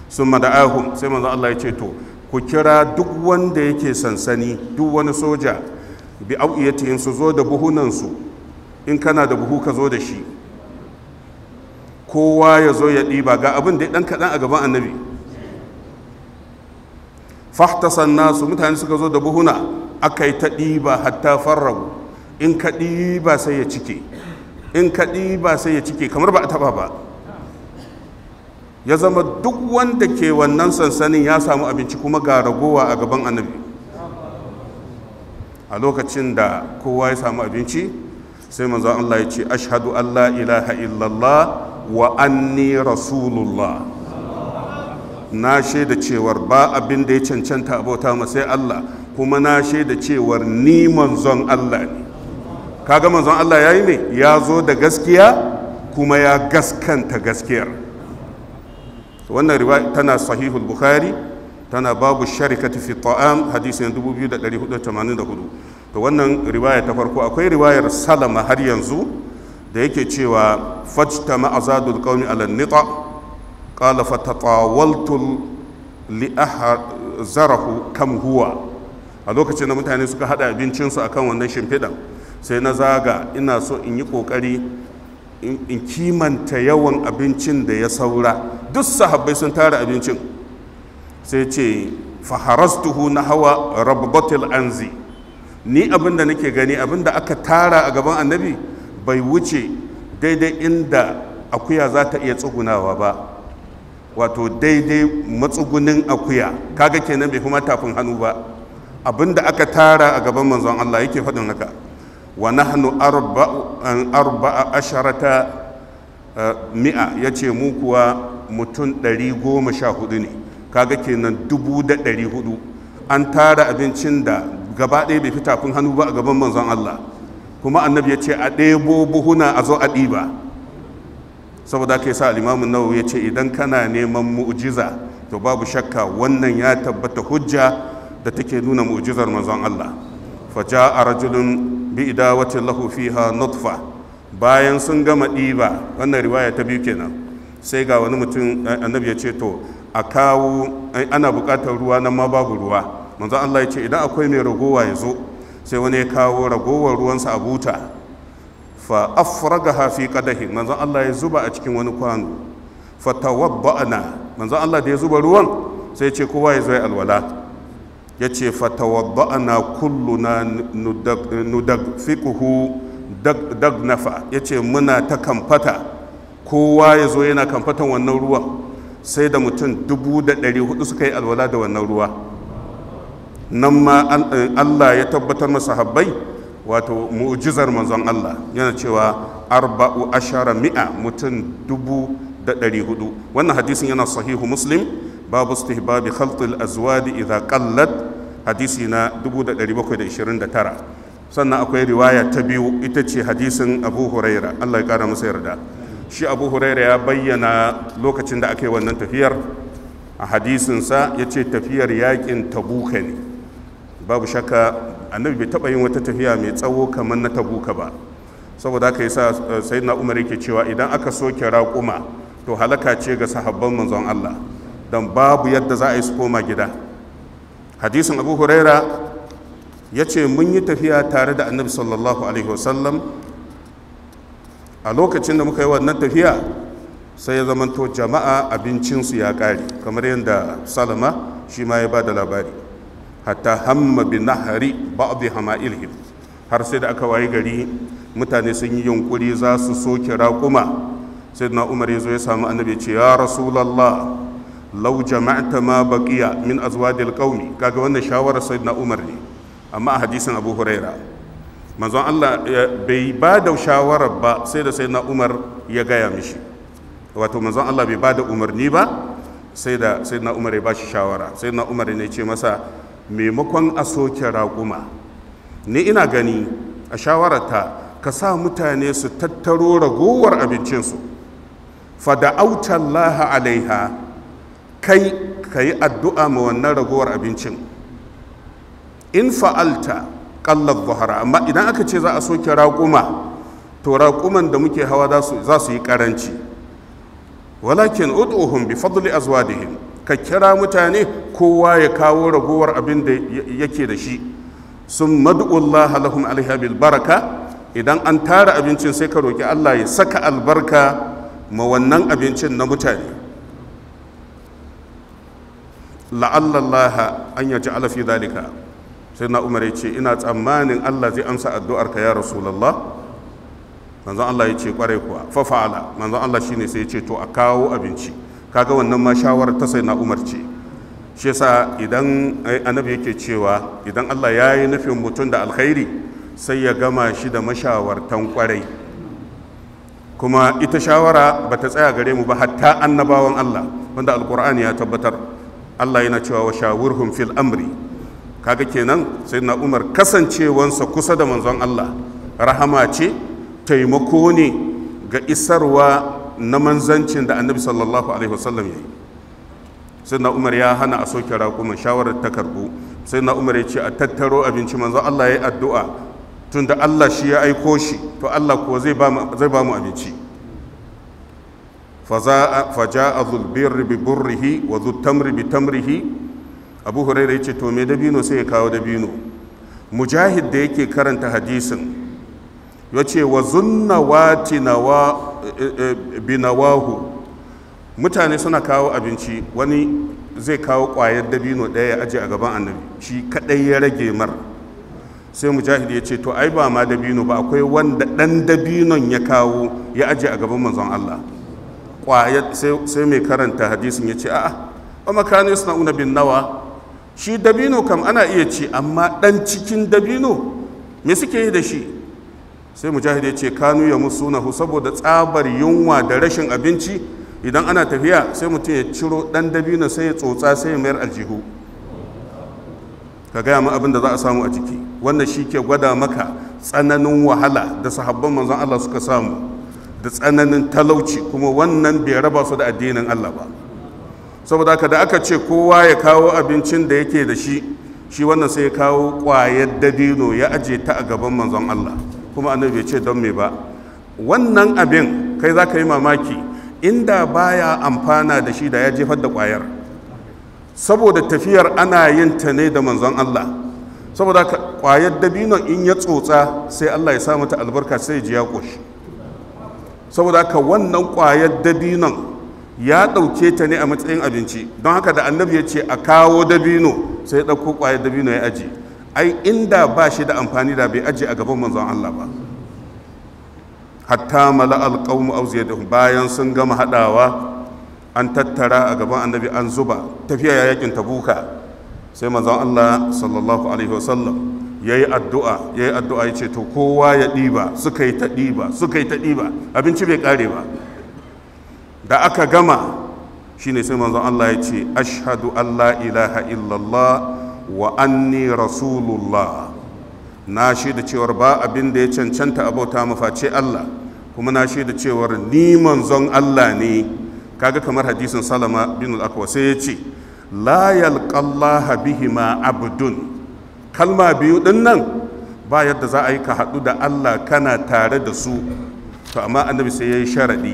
A: summa da'ahum sai manzon Allah ya ce to ku kira duk wanda yake sansani duk wani soja bi au'iyatihim su zo da buhunansu in kana da buhu ka zo da shi kowa ya zo ya ɗiba ga abin da ɗan kaɗan a gaban annabi fahtasan nasu mutane suka zo da buhuna aka yi ta ɗiba hatta farragu in ka ɗiba sai ya cike in ka ɗiba sai ya cike kamar ba a taɓa ba ya zama duk wanda ke wannan sansanin ya samu abinci kuma ga ragowa a gaban annabi a lokacin da kowa ya samu abinci sai manzon Allah ya ce ashhadu an la ilaha illallah wa anni rasulullah na shaida cewar ba abin da ya cancanta abota ma sai Allah kuma na shaida cewar ni manzon Allah ne kaga manzon Allah yayi ne ya zo da gaskiya kuma ya gaskanta gaskiyar wannan riwaya tana sahihul bukhari tana babu sharikati fi ta'am hadisin 2484 to wannan riwaya ta farko akwai riwayar salama har yanzu da yake cewa fajta ma'azadul qaumi ala nita qala fatatawaltu li kam huwa a lokacin da mutane suka hada abincinsu akan wannan shimfiɗan sai na zaga ina so in yi kokari in kimanta yawan abincin da ya saura duk sahabbai sun tara abincin sai ce faharastuhu na hawa rabbatul anzi ni abin da nake gani abin da aka tara a gaban annabi bai wuce daidai inda akuya za ta iya tsugunawa ba wato daidai matsugunin akuya kaga kenan bai kuma tafin hannu ba abin da aka tara a gaban manzon Allah yake faɗin haka wa nahnu arba'a asharata eh, mi'a ya ce mu kuwa mutum ɗari goma sha hudu ne kaga kenan dubu da ɗari hudu an tara abincin da gaba ɗaya bai fi tafin hannu ba a gaban manzon Allah kuma annabi ya ce a ɗebo buhuna a zo a ɗiba saboda ka sa alimamu nawawi ya ce idan kana neman mu'jiza to babu shakka wannan ya tabbata hujja da take nuna mu'jizar manzon Allah fa a rajulun bi idawatin lahu fiha nutfa bayan sun gama ɗiba wannan riwaya ta biyu kenan sai ga wani mutum eh, annabi ya ce to a kawo eh, ana buƙatar ruwa nan ma babu ruwa manzo Allah ya ce idan akwai mai ragowa ya zo sai wani ya kawo ragowar ruwansa a buta fa afragaha fi qadahi manzo Allah ya zuba a cikin wani kwano fa tawabba'na manzo Allah da ya zuba ruwan sai ya ce kowa ya zo ya alwala ya ce fa tawabba'na kulluna nudagfiquhu dagnafa ya ce muna ta kamfata kowa ya zo yana kamfatan wannan ruwan sai da mutum dubu da ɗari hudu suka yi alwala da wannan ruwa nan ma eh, Allah ya tabbatar masa habbai wato mu'jizar manzon Allah yana cewa arba'u ashara mi'a mutum dubu da ɗari hudu wannan hadisin yana sahihu muslim babu istihbabi khaltil azwadi idza qallat hadisi na tara sannan akwai riwaya ta biyu ita ce hadisin abu huraira Allah ya kara masa yarda shi abu huraira ya bayyana lokacin da aka yi wannan tafiyar a hadisinsa ya ce tafiyar yakin tabuka ne babu shakka annabi bai taɓa yin wata tafiya mai tsawo kamar na tabuka ba saboda haka sai eh, na umar yake cewa idan aka soke raƙuma to halaka ce ga sahabban manzon Allah dan babu yadda za a yi su koma gida hadisin abu huraira ya ce mun yi tafiya tare da annabi sallallahu alaihi wasallam a lokacin da muka yi wannan tafiya sai ya zamanto jama'a abincinsu ya ƙare kamar yadda salama shi ma ya ba da labari hatta hamma bi nahari ba'dhi hama'ilhim har sai da aka waye gari mutane sun yi yunkuri za su soke raƙuma sayyidina umar yazo ya samu annabi ce ya rasulullah law jama'ta ma baqiya min azwadil qaumi kaga wannan shawarar sayyidina umar ne amma a hadisin abu huraira manzon Allah eh, bai ba da shawara ba sai da sayyidina umar ya gaya mishi wato manzon Allah bai ba da umarni ba sai da sayyidina umar ya ba shi shawara sayyidina umar ne ce masa maimakon a soke raƙuma ni ina gani a shawarata ka sa mutane su tattaro ragowar abincinsu laha alaiha kai ka yi addu'a ma wannan ragowar abincin in fa'alta ƙallar zuhara amma idan aka ce za a soke raƙuma to raƙuman da muke hawa za su yi ƙaranci walakin ud'uhum bi fadli azwadihim ka kira mutane kowa ya kawo ragowar abin da yake da shi sun madu'ullaha lahum alaiha bil baraka idan an tara abincin sai ka roki Allah ya saka albarka ma wannan abincin na mutane la'allallah an yaji alafi dalika sai na umar ya ce ina tsammanin Allah zai amsa addu'arka ya rasulallah manzon Allah ya ce kwarai kuwa fa fa'ala manzon Allah shine sai ya ce to a kawo abinci kaga wannan ma shawarar ta sai na umar ce shi yasa idan eh, annabi yake cewa idan Allah ya yi nufin mutum da alkhairi sai ya gama shi da mashawartan kwarai kuma ita shawara ba ta tsaya gare mu ba hatta annabawan Allah wanda alkur'ani ya tabbatar Allah yana cewa wa shawurhum fil amri kaga kenan sai na umar kasancewansa kusa da manzon Allah rahama ce taimako ne ga isarwa na manzancin da annabi sallallahu alaihi wasallam ya yi sai na umar ya hana a soke raƙumin shawarar ta sai na umar ya ce a tattaro abinci manzo allah ya yi addu'a tun da allah shi ya aiko shi to allah kuwa zai ba mu abinci faja a zulbirri bi burrihi wa zutamri bi tamrihi abu huraira ya ce to me dabino sai ya kawo dabino mujahid da yake karanta hadisin ya ce wa zunna wati eh, eh, binawahu mutane suna kawo abinci wani zai kawo kwayar dabino ɗaya ya aje a gaban annabi shi kaɗai ya rage mar sai mujahid ya ce to ai ba ma dabino ba akwai wanda ɗan dabinon ya kawo ya aje a gaban manzon Allah kwayar sai mai karanta hadisin ya ce a'a wa makani suna bin nawa shi dabino kam ana iya ci amma ɗan cikin dabino me suke yi da shi sai mujahid ya ce kanu ya musu musunahu saboda tsabar yunwa da rashin abinci idan ana tafiya sai mutum ya ciro dan dabino sai ya tsotsa sai ya mayar aljihu ka gaya mu abin da za a samu a ciki wannan shi ke gwada maka tsananin wahala da sahabban manzon Allah suka samu da tsananin talauci kuma wannan bai raba su da addinin Allah ba saboda haka da aka ce kowa ya kawo abincin da yake da shi shi wannan sai ya kawo ƙwayar dabino ya aje ta a gaban manzon Allah kuma annabi bai ce don me ba wannan abin kai za ka yi mamaki inda baya amfana da shi da ya jefar da kwayar saboda tafiyar ana yin ta ne da manzon Allah saboda ƙwayar dabinon in ya tsotsa sai Allah ya sa mata albarka sai ji ya koshi saboda ka wannan ƙwayar dabinon ya ɗauke ta ne a matsayin abinci don haka da annabi ya ce a kawo dabino sai ya ɗauko ƙwayar dabino ya ajiye ai inda ba shi da amfani da bai ajiye a gaban manzon Allah ba hatta mala alqawmu awziyadahum bayan sun gama hadawa an tattara a gaban annabi an zuba tafiya ya yakin tabuka sai manzon Allah sallallahu alaihi wasallam yayi addu'a yayi addu'a yace to kowa ya diba suka yi ta diba suka yi ta diba abinci bai kare ba da aka gama shine sai manzon Allah ya ce ashhadu an la ilaha illallah wa anni rasulullah na da cewar ba abin da ya cancanta abauta maface Allah kuma na shi da cewar ni manzon Allah ne kaga kamar hadisin salama bin al-akwa sai ya ce la yalqallaha bihima abdun kalma biyu din nan ba yadda za a yi ka haɗu da Allah kana tare da su to amma annabi sai ya yi sharaɗi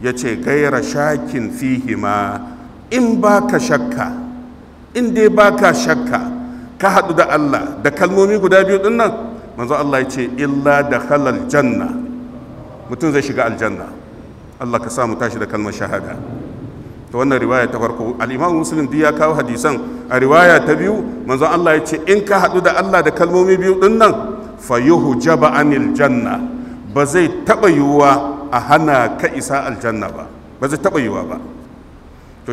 A: ya ce gaira shakin fihima in ba ka shakka in dai baka shakka ka haɗu da Allah da kalmomi guda biyu din nan manzo Allah ya ce illa da halal janna mutum zai shiga aljanna Allah ka sa mu tashi da kalmar shahada ta wannan riwaya ta farko al-Imam Muslim ya kawo hadisan a riwaya ta biyu manzo Allah ya ce in ka haɗu da Allah da kalmomi biyu din nan fayuhjaba anil janna ba zai taɓa yiwuwa a hana ka isa aljanna ba ba zai taɓa yiwuwa ba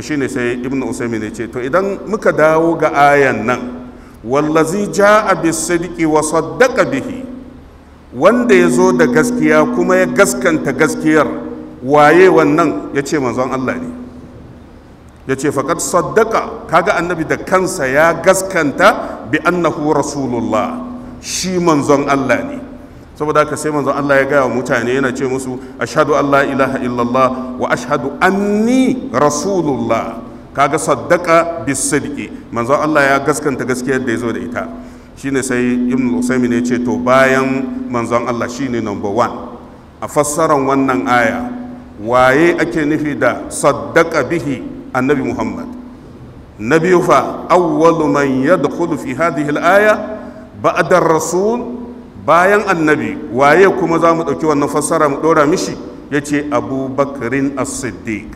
A: to ne sai Ibn usaimin ya ce to idan muka dawo ga ayan nan wallazi ja'a bisidqi wa saddaqa bihi wanda ya zo da gaskiya kuma ya gaskanta gaskiyar waye wannan ya ce manzon Allah ne ya ce faƙat saddaka kaga annabi da kansa ya gaskanta bi annahu rasulullah shi manzon Allah ne saboda haka sai manzon Allah ya gaya wa mutane yana ce musu ashhadu Allah ilaha illallah wa ashhadu anni rasulullah kaga saddaka bis sidqi manzon Allah ya gaskanta gaskiyar da yazo da ita shine sai ibn usaymin ya ce to bayan manzon Allah shine number one a fassaran wannan aya waye ake nufi da saddaka bihi annabi muhammad na biyu fa awwalu man yadkhulu fi hadhihi al-aya ba'da ar-rasul bayan annabi waye kuma za mu ɗauki wannan fassara mu ɗora mishi ya ce abubakarin as-siddiq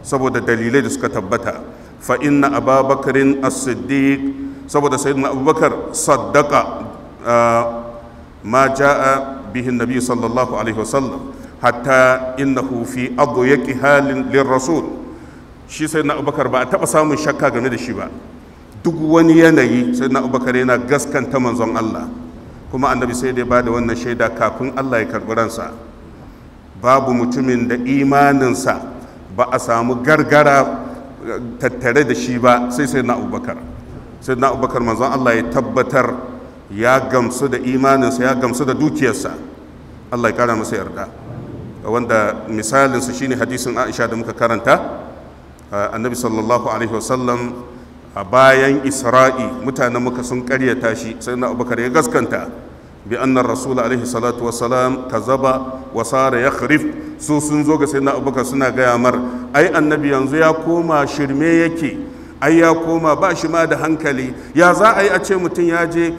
A: saboda dalilai da suka tabbata fa inna abubakarin as-siddiq saboda sayyidina abubakar saddaka ma ja'a bihin nabi sallallahu alaihi wasallam hatta innahu fi adyaqi halin lirrasul shi sayyidina abubakar ba a taɓa samun shakka game da shi ba duk wani yanayi sayyidina abubakar yana gaskanta manzon Allah kuma annabi sai dai ba da wannan shaida kafin allah ya karɓi babu mutumin da imaninsa ba a samu gargara tattare da shi ba sai sai na abubakar sai na abubakar manzon allah ya tabbatar ya gamsu da imaninsa ya gamsu da dukiyarsa allah ya kara masa yarda wanda misalinsa shine hadisin aisha da muka karanta annabi sallallahu alaihi wasallam a bayan isra'i mutanen muka sun karyata shi sai na abubakar ya gaskanta bi annar rasul alaihi salatu wassalam kazaba wa sara ya kharif su sun zo ga sai na abubakar suna gaya mar ai annabi yanzu ya koma shirme yake ai ya koma ba shi ma da hankali ya za a yi a ce mutum ya je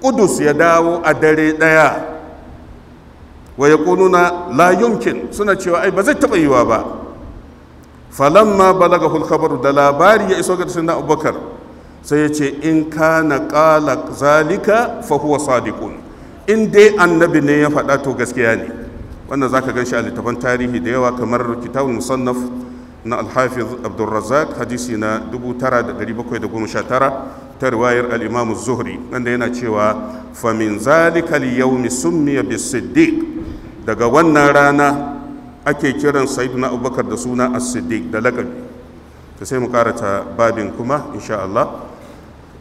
A: kudus ya dawo a dare daya wa ya la yumkin suna cewa ai ba zai taɓa yiwa ba falamma balagahu balaga khabaru da labari ya iso ga sayyidina abubakar sai ya ce in kana qala zalika fa huwa sadiqun in dai annabi ne ya faɗa to gaskiya ne wannan zaka gan shi a littafan tarihi da yawa kamar kitabul musannaf na al-hafiz hadisi na 9719 ta riwayar al-imam az-zuhri wanda yana cewa fa min zalika al-yawmi summiya bis-siddiq daga wannan rana ake kiran sayyiduna abubakar da suna as-siddiq da lakabi ta sai mu karata babin kuma insha Allah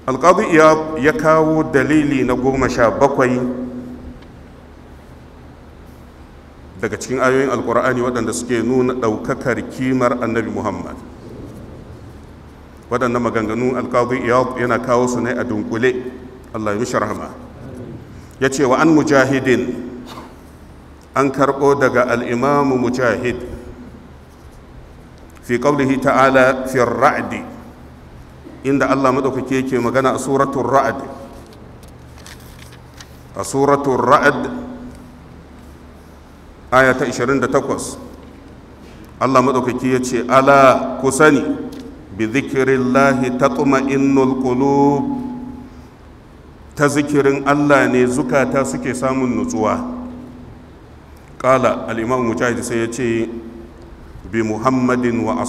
A: alƙadu ya kawo dalili na goma sha bakwai daga cikin ayoyin alqur'ani waɗanda suke nuna ɗaukakar kimar annabi muhammad waɗannan maganganun alƙadu yana kawo su ne a dunkule allah ya mishi ce wa an mujahidin an karɓo daga al'imamu mujahid fi ƙaulihi ta'ala fi ra'adi inda allah maɗaukaki yake magana a suratun ra'ad a suratun ra'ad aya ta 28 allah maɗaukaki ya ce ala ku sani bi zikirin lahi ta innul qulub ta zikirin allah ne zukata suke samun nutsuwa ƙala al'imamu mujahid sai ya ce bi muhammadin wa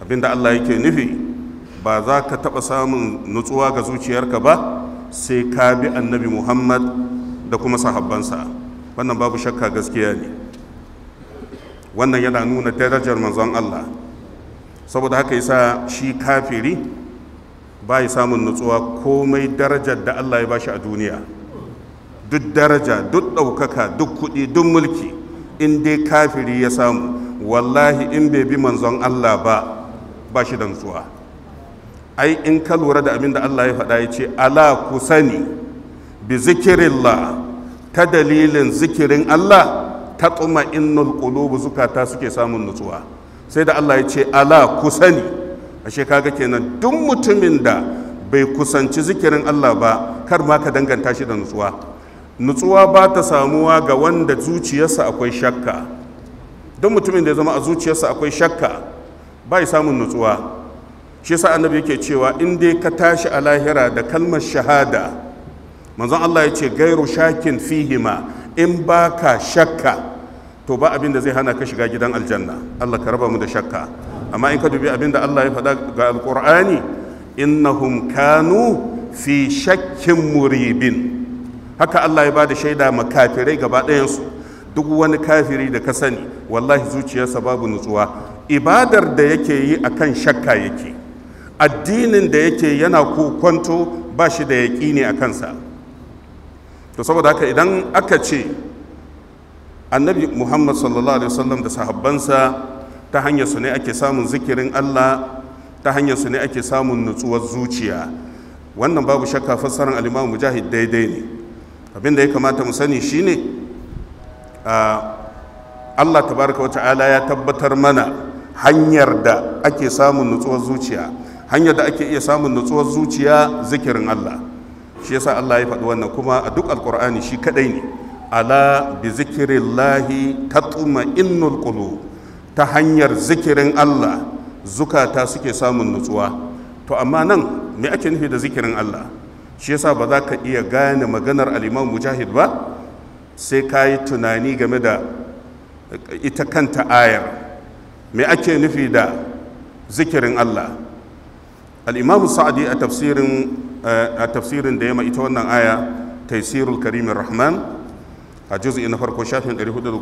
A: abinda allah yake nufi ba za ka taɓa samun nutsuwa ga zuciyarka ba sai ka bi annabi muhammad da kuma sahabbansa wannan babu shakka gaskiya ne wannan yana nuna darajar manzon allah saboda haka yasa shi kafiri ba ya samun nutsuwa komai darajar da allah ya bashi a duniya duk daraja duk ɗaukaka duk kuɗi duk mulki in dai kafiri ya samu wallahi in bai bi manzon Allah ba ba shi da nutsuwa ai in ka lura da abin da Allah ya faɗa ya ce ala ku sani bi zikirillah ta dalilin zikirin Allah ta tsuma innul qulubu zukata suke samun nutsuwa sai da Allah ya ce ala ku sani ashe kaga kenan duk mutumin da bai kusanci zikirin Allah ba kar ma ka danganta shi da nutsuwa nutsuwa ba ta samuwa ga wanda zuciyarsa akwai shakka don mutumin da ya zama a zuciyarsa akwai shakka ba ya samun nutsuwa shi sa annabi yake cewa in dai ka tashi a lahira da kalmar shahada manzon Allah ya ce gairu shakin fihima in ba ka shakka to ba abin da zai hana ka shiga gidan aljanna Allah ka raba mu da shakka amma in ka dubi abin da Allah ya faɗa ga alkur'ani innahum kanu fi shakkin muribin haka Allah ya ba da shaida ma kafirai gaba ɗayansu duk wani kafiri da ka sani wallahi zuciyarsa babu nutsuwa ibadar da yake yi akan shakka yake addinin da yake yana kokwanto ba shi da ne a kansa to saboda haka idan aka ce annabi muhammad sallallahu alaihi wasallam da sahabbansa ta hanyar su ne ake samun zikirin allah ta hanyar su ne ake samun nutsuwar zuciya wannan babu shakka fassarar alimamu mujahid daidai ne abinda ya kamata mu sani shine Allah baraka wa ta'ala ya tabbatar mana hanyar da ake samun nutsuwar zuciya hanyar da ake iya samun nutsuwar zuciya zikirin Allah shi yasa Allah ya faɗi wannan kuma a duk alkur'ani shi kadai ne ala bi zikirillahi innul qulub ta hanyar zikirin Allah zukata suke samun nutsuwa to amma nan me ake nufi da zikirin Allah shi yasa ba za ka iya gane maganar al'imam mujahid ba sai ka yi tunani game da ita kanta ayar me ake nufi da zikirin allah al'imamu sa'adi eh, a tafsirin da ya ita wannan aya taisirul karimin rahman a juz'i na farko shafin 417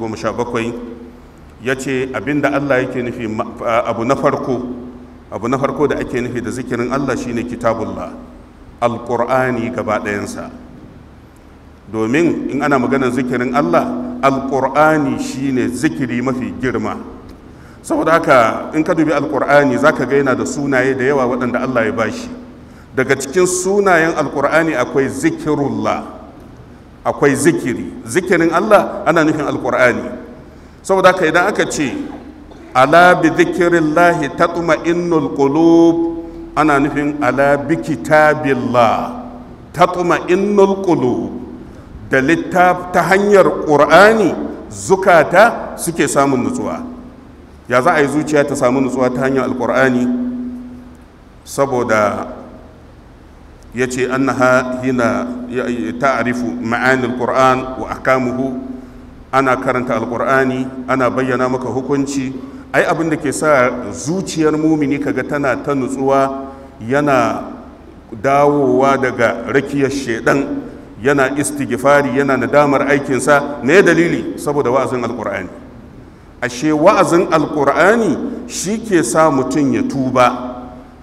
A: ya ce abinda allah yake nufi abu na farko abu na farko da ake nufi da zikirin allah shine kitabullah alƙur'ani gaba ɗayansa domin in ana maganar zikirin allah alƙur'ani shine zikiri mafi girma saboda haka in ka dubi alƙur'ani za ka gaina da sunaye da yawa waɗanda allah ya bashi daga cikin sunayen alƙur'ani akwai zikirullah akwai zikiri zikirin allah ana nufin alƙur'ani saboda haka idan aka ce ala bi zikirillahi tatma'innul ƙulub ana nufin ala ta tuma innul kulu da littaf ta hanyar qur'ani zukata suke samun nutsuwa ya za a yi zuciya ta samu nutsuwa ta hanyar alqur'ani saboda ya ce annaha hina ta'rifu ma'anil qur'an wa akamuhu ana karanta alqur'ani ana bayyana maka hukunci ai abin da ke sa zuciyar mumini kaga tana ta nutsuwa yana dawowa daga rakiyar shedan yana istighfari yana nadamar aikinsa ne dalili saboda wa'azin alkur'ani ashe wa'azin alkur'ani shi ke sa mutum ya tuba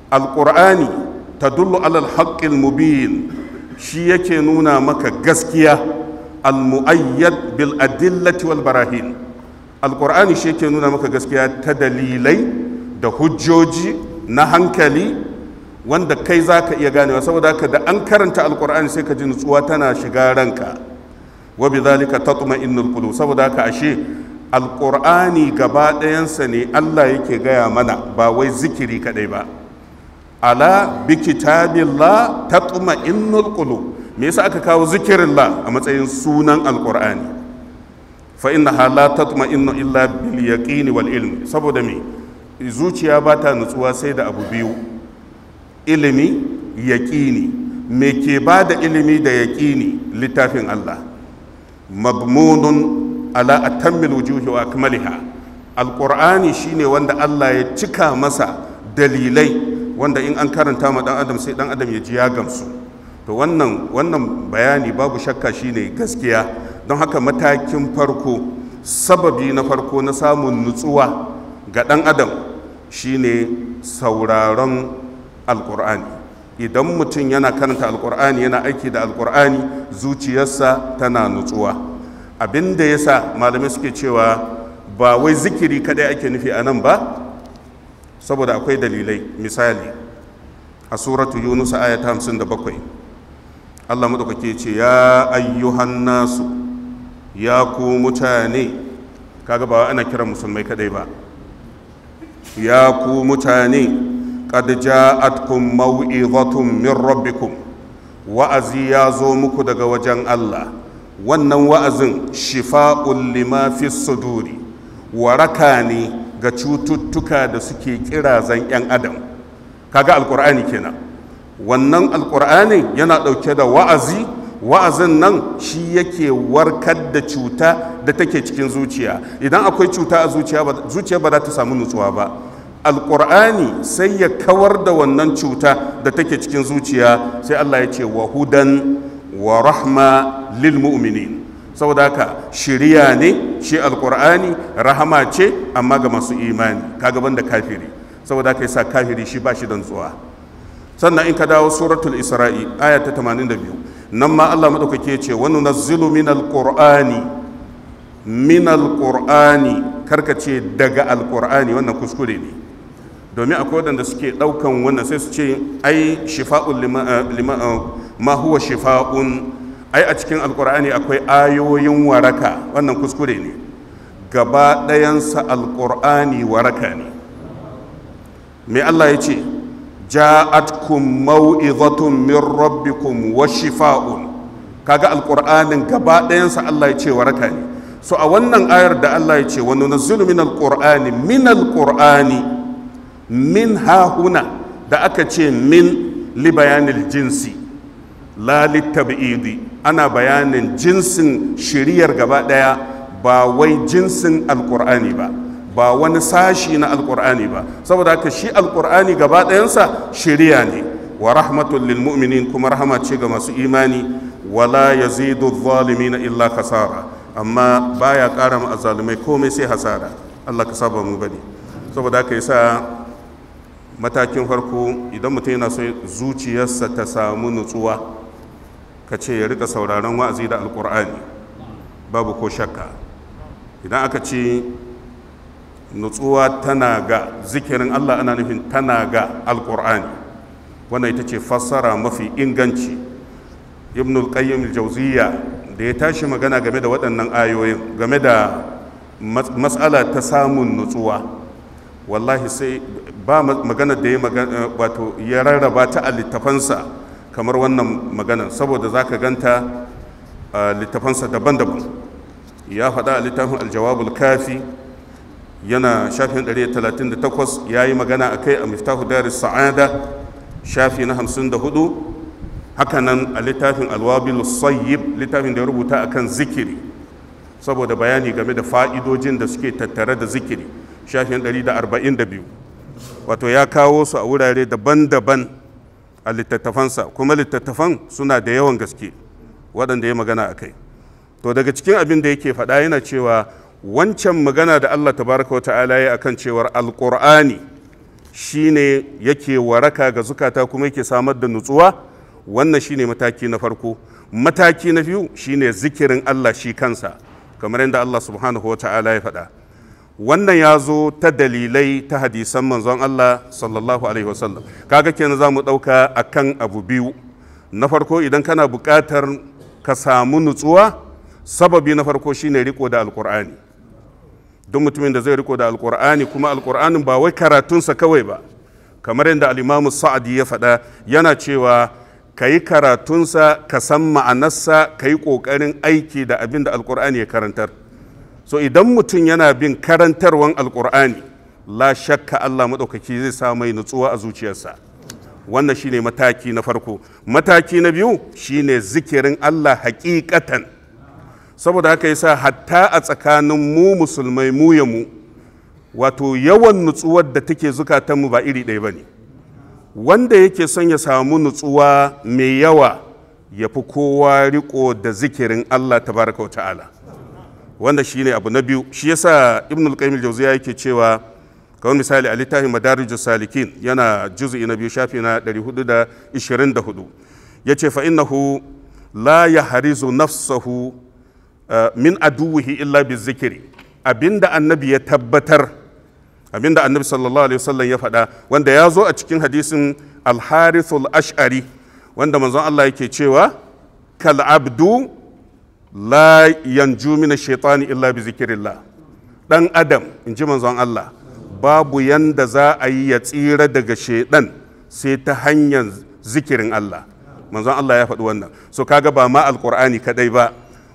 A: alkur'ani tadullu alal haƙƙin mubin shi yake nuna maka gaskiya al mu'ayyad bil adillati wal barahin alkur'ani shi ke nuna maka gaskiya ta dalilai da hujjoji na hankali wanda kai za ka iya ganewa saboda haka da an karanta alkur'ani sai ka ji nutsuwa tana shiga ranka wa bi zalika tatma innul qulub saboda haka ashe alkur'ani gaba ɗayansa ne Allah yake gaya mana ba wai zikiri kaɗai ba ala bi kitabillah tatma innul qulub me yasa aka kawo zikirin la a matsayin sunan alkur'ani fa innaha la tatma'innu illa bil yaqini wal ilm saboda me zuciya ba ta nutsuwa sai da abu biyu ilimi yaqini me ke ba da ilimi da yaqini littafin Allah magmunun ala atammil wujuhi wa akmaliha alqur'ani shine wanda Allah ya cika masa dalilai wanda in an karanta ma dan adam sai dan adam ya ji ya gamsu to wannan wannan bayani babu shakka shine gaskiya don haka matakin farko sababi na farko na samun nutsuwa ga ɗan adam shine sauraron alkur'ani idan mutum yana karanta alkur'ani yana aiki da alkur'ani zuciyarsa tana nutsuwa abin da ya sa malamai suke cewa ba wai zikiri kadai ake nufi a nan ba saboda akwai dalilai misali a suratu yunus ayata 57 allah maɗaukaki ce ya ayyuhan nasu ya ku mutane kaga ba ana kiran musulmai kadai ba ya ku mutane qad ja'atkum maw'izatun min rabbikum wa'azi ya zo muku daga wajen Allah wannan wa'azin shifa'un lima fi suduri waraka ne ga cututtuka da suke kirazan 'yan adam kaga Alƙur'ani kenan wannan alqur'ani yana ɗauke da wa'azi wa'azin nan shi yake warkar da cuta da take cikin zuciya idan akwai cuta a zuciya zuciya ba za ta samu nutsuwa ba alƙur'ani sai ya kawar da wannan cuta da take cikin zuciya sai allah ya ce wa hudan wa rahma lil mu'minin saboda haka shiriya ne shi alƙur'ani rahama ce amma ga masu imani kaga da kafiri saboda haka yasa kafiri shi ba shi da nutsuwa sannan in ka dawo suratul isra'i aya ta 82 nan ma Allah madaukake ce wani nazzilu min alqur'ani min alqur'ani karkace daga alƙur'ani wannan kuskure ne domin akwai waɗanda suke daukan wannan sai su ce ai shifa'un eh, eh, ma huwa shifa'un ai a cikin alkur'ani akwai ayoyin waraka wannan kuskure ne gaba ɗayansa alqur'ani waraka ne me Allah ya ce ja'atkum mau'izatun min rabbikum wa shifa'un kaga alqur'anin gaba sa Allah ya ce waraka ne so a wannan ayar da Allah ya ce wa nunazzilu min alqur'ani min alqur'ani min hahuna da aka ce min li bayanil jinsi la litab'idi ana bayanin jinsin shiriyar gaba ɗaya ba wai jinsin alqur'ani ba ba wani sashi na alkur'ani ba saboda haka shi alkur'ani gaba ɗayansa shiriya ne wa rahmatul lil mu'minin kuma rahama ce ga masu imani wala yazidu na illa kasara amma baya ƙara ma azalumai komai sai hasara Allah ka saba mu bane saboda haka yasa matakin farko idan mutum yana so zuciyarsa ta samu nutsuwa ka ce ya rika sauraron wa'azi da alkur'ani babu ko shakka idan aka ce nutsuwa tana ga zikirin Allah ana nufin tana ga alkur'ani wannan ita ce fassara mafi inganci ibnul qayyim al-jawziyya da ya tashi magana game da waɗannan ayoyin game da matsala ta samun nutsuwa wallahi sai ba magana da ya eh, wato ya rarraba ta a littafansa kamar wannan magana saboda za ka ganta littafansa daban-daban ya faɗa a littafin aljawabul kafi yana shafin 138 ya yi magana a kai a miftahu daris sa'ada shafi na 54 hakanan a littafin alwabilu sayyib littafin da ya rubuta a kan zikiri saboda bayani game da fa'idojin da suke tattare da zikiri shafin 142 wato ya kawo su a wurare daban-daban a littattafansa kuma littattafan suna da yawan gaske waɗanda ya magana a kai to daga cikin abin da yake faɗa yana cewa wancan magana da Allah tabaraka wa ta'ala ya akan cewar alqur'ani shine yake waraka ga zukata kuma yake samar da nutsuwa wannan shine mataki na farko mataki na biyu shine zikirin Allah shi kansa kamar yadda Allah subhanahu wa ta'ala ya faɗa wannan ya zo ta dalilai ta hadisan manzon Allah sallallahu alaihi wasallam kaga kenan za mu ɗauka akan abu biyu na farko idan kana buƙatar ka samu nutsuwa sababi na farko shine riko da alkur'ani duk mutumin da zai riko da alkur'ani kuma alkur'anin ba wai karatunsa kawai ba kamar yadda alimamu sa'adi ya faɗa yana cewa ka yi karatunsa ka san ma'anarsa ka yi ƙoƙarin aiki da abin da alkur'ani ya karantar so idan mutum yana bin karantarwan alkur'ani la shakka allah maɗaukaki zai sa mai nutsuwa a zuciyarsa wannan shine mataki na farko mataki na biyu shine zikirin allah haƙiƙatan saboda haka yasa hatta a tsakanin mu musulmai mu ya mu wato yawan nutsuwar da take mu ba iri ɗaya ba ne wanda yake son ya samu nutsuwa mai yawa ya fi kowa riko da zikirin Allah tabaraka wa ta'ala wanda shi ne abu na biyu shi yasa ibn al-qayyim al-jawziya yake cewa kawai misali a littafin madarijus salikin yana juz'i na biyu shafi na 424 yace fa innahu la yahrizu nafsahu min aduwihi illa bi zikiri abinda annabi ya tabbatar abinda annabi sallallahu alaihi wasallam ya faɗa wanda ya zo a cikin hadisin alharisul ash'ari wanda manzon Allah yake cewa kal abdu la yanju min illa bi zikrillah dan adam in ji manzon Allah babu yanda za a yi ya tsira daga shaidan sai ta hanyar zikirin Allah manzon Allah ya faɗi wannan so kaga ba ma alqur'ani kadai ba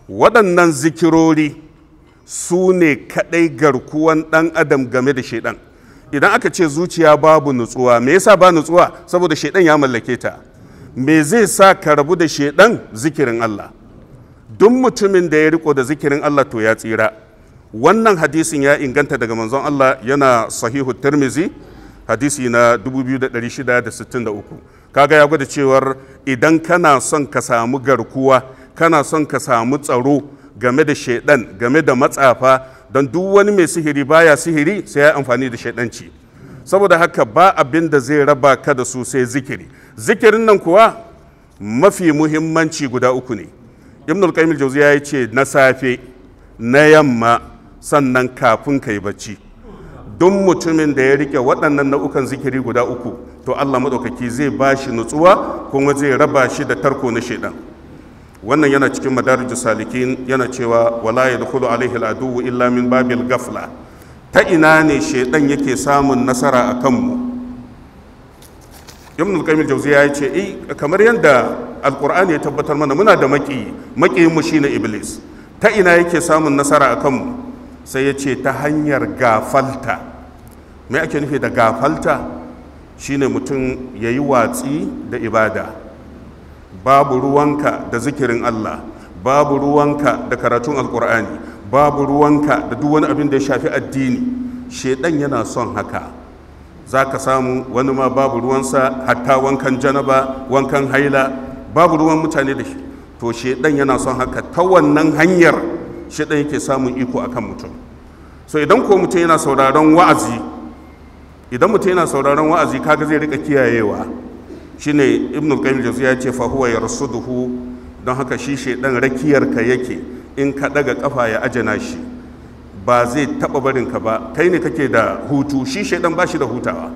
A: waɗannan zikirori su ne kaɗai garkuwan ɗan adam game da shaiɗan idan aka ce zuciya babu nutsuwa me yasa ba nutsuwa saboda shaiɗan ya mallake ta me zai sa ka rabu da shaiɗan zikirin Allah duk mutumin da ya riko da zikirin Allah to ya tsira wannan hadisin ya inganta daga manzon Allah yana sahihu tirmizi hadisi na 2663 kaga ya gwada cewar idan kana son ka samu garkuwa kana son ka samu tsaro game da shaidan game da matsafa don duk wani mai sihiri baya sihiri sai ya amfani da shaidanci saboda haka ba abin da zai raba ka da su sai zikiri zikirin nan kuwa mafi muhimmanci guda uku ne ibnul qayyim al ya ce na safe na yamma sannan kafin kai bacci duk mutumin da ya rike waɗannan nau'ukan zikiri guda uku to Allah madaukaki zai ba shi nutsuwa kuma zai raba shi da tarko na shaidan wannan yana cikin madarijus salikin yana cewa wala yadkhulu alaihi al'adu illa min babil gafla ta ina ne shaidan yake samun nasara akan mu ibn al-qayyim ya ce eh, kamar yadda alkur'ani ya tabbatar mana muna da maki makiyin mu shine iblis ta ina yake samun nasara a kanmu sai ya ce ta hanyar gafalta me ake nufi da gafalta shine mutum ya yi watsi da ibada babu ruwanka da zikirin Allah babu ruwanka da karatun alkur'ani babu ruwanka da duk wani abin da ya shafi addini shedan yana son haka za ka samu wani ma babu ruwansa hatta wankan janaba wankan haila babu ruwan mutane da shi to shedan yana son haka ta wannan hanyar shedan yake samun iko akan mutum so idan ko mutum yana sauraron wa'azi idan mutum yana sauraron wa'azi kaga zai rika kiyayewa shine ibnul al jazu ya ce fa huwa Duhu don haka shi shedan rakiyar ka yake in ka daga kafa ya ajana shi ba zai taɓa barin ka ba kai ne kake da hutu shi shedan ba shi da hutawa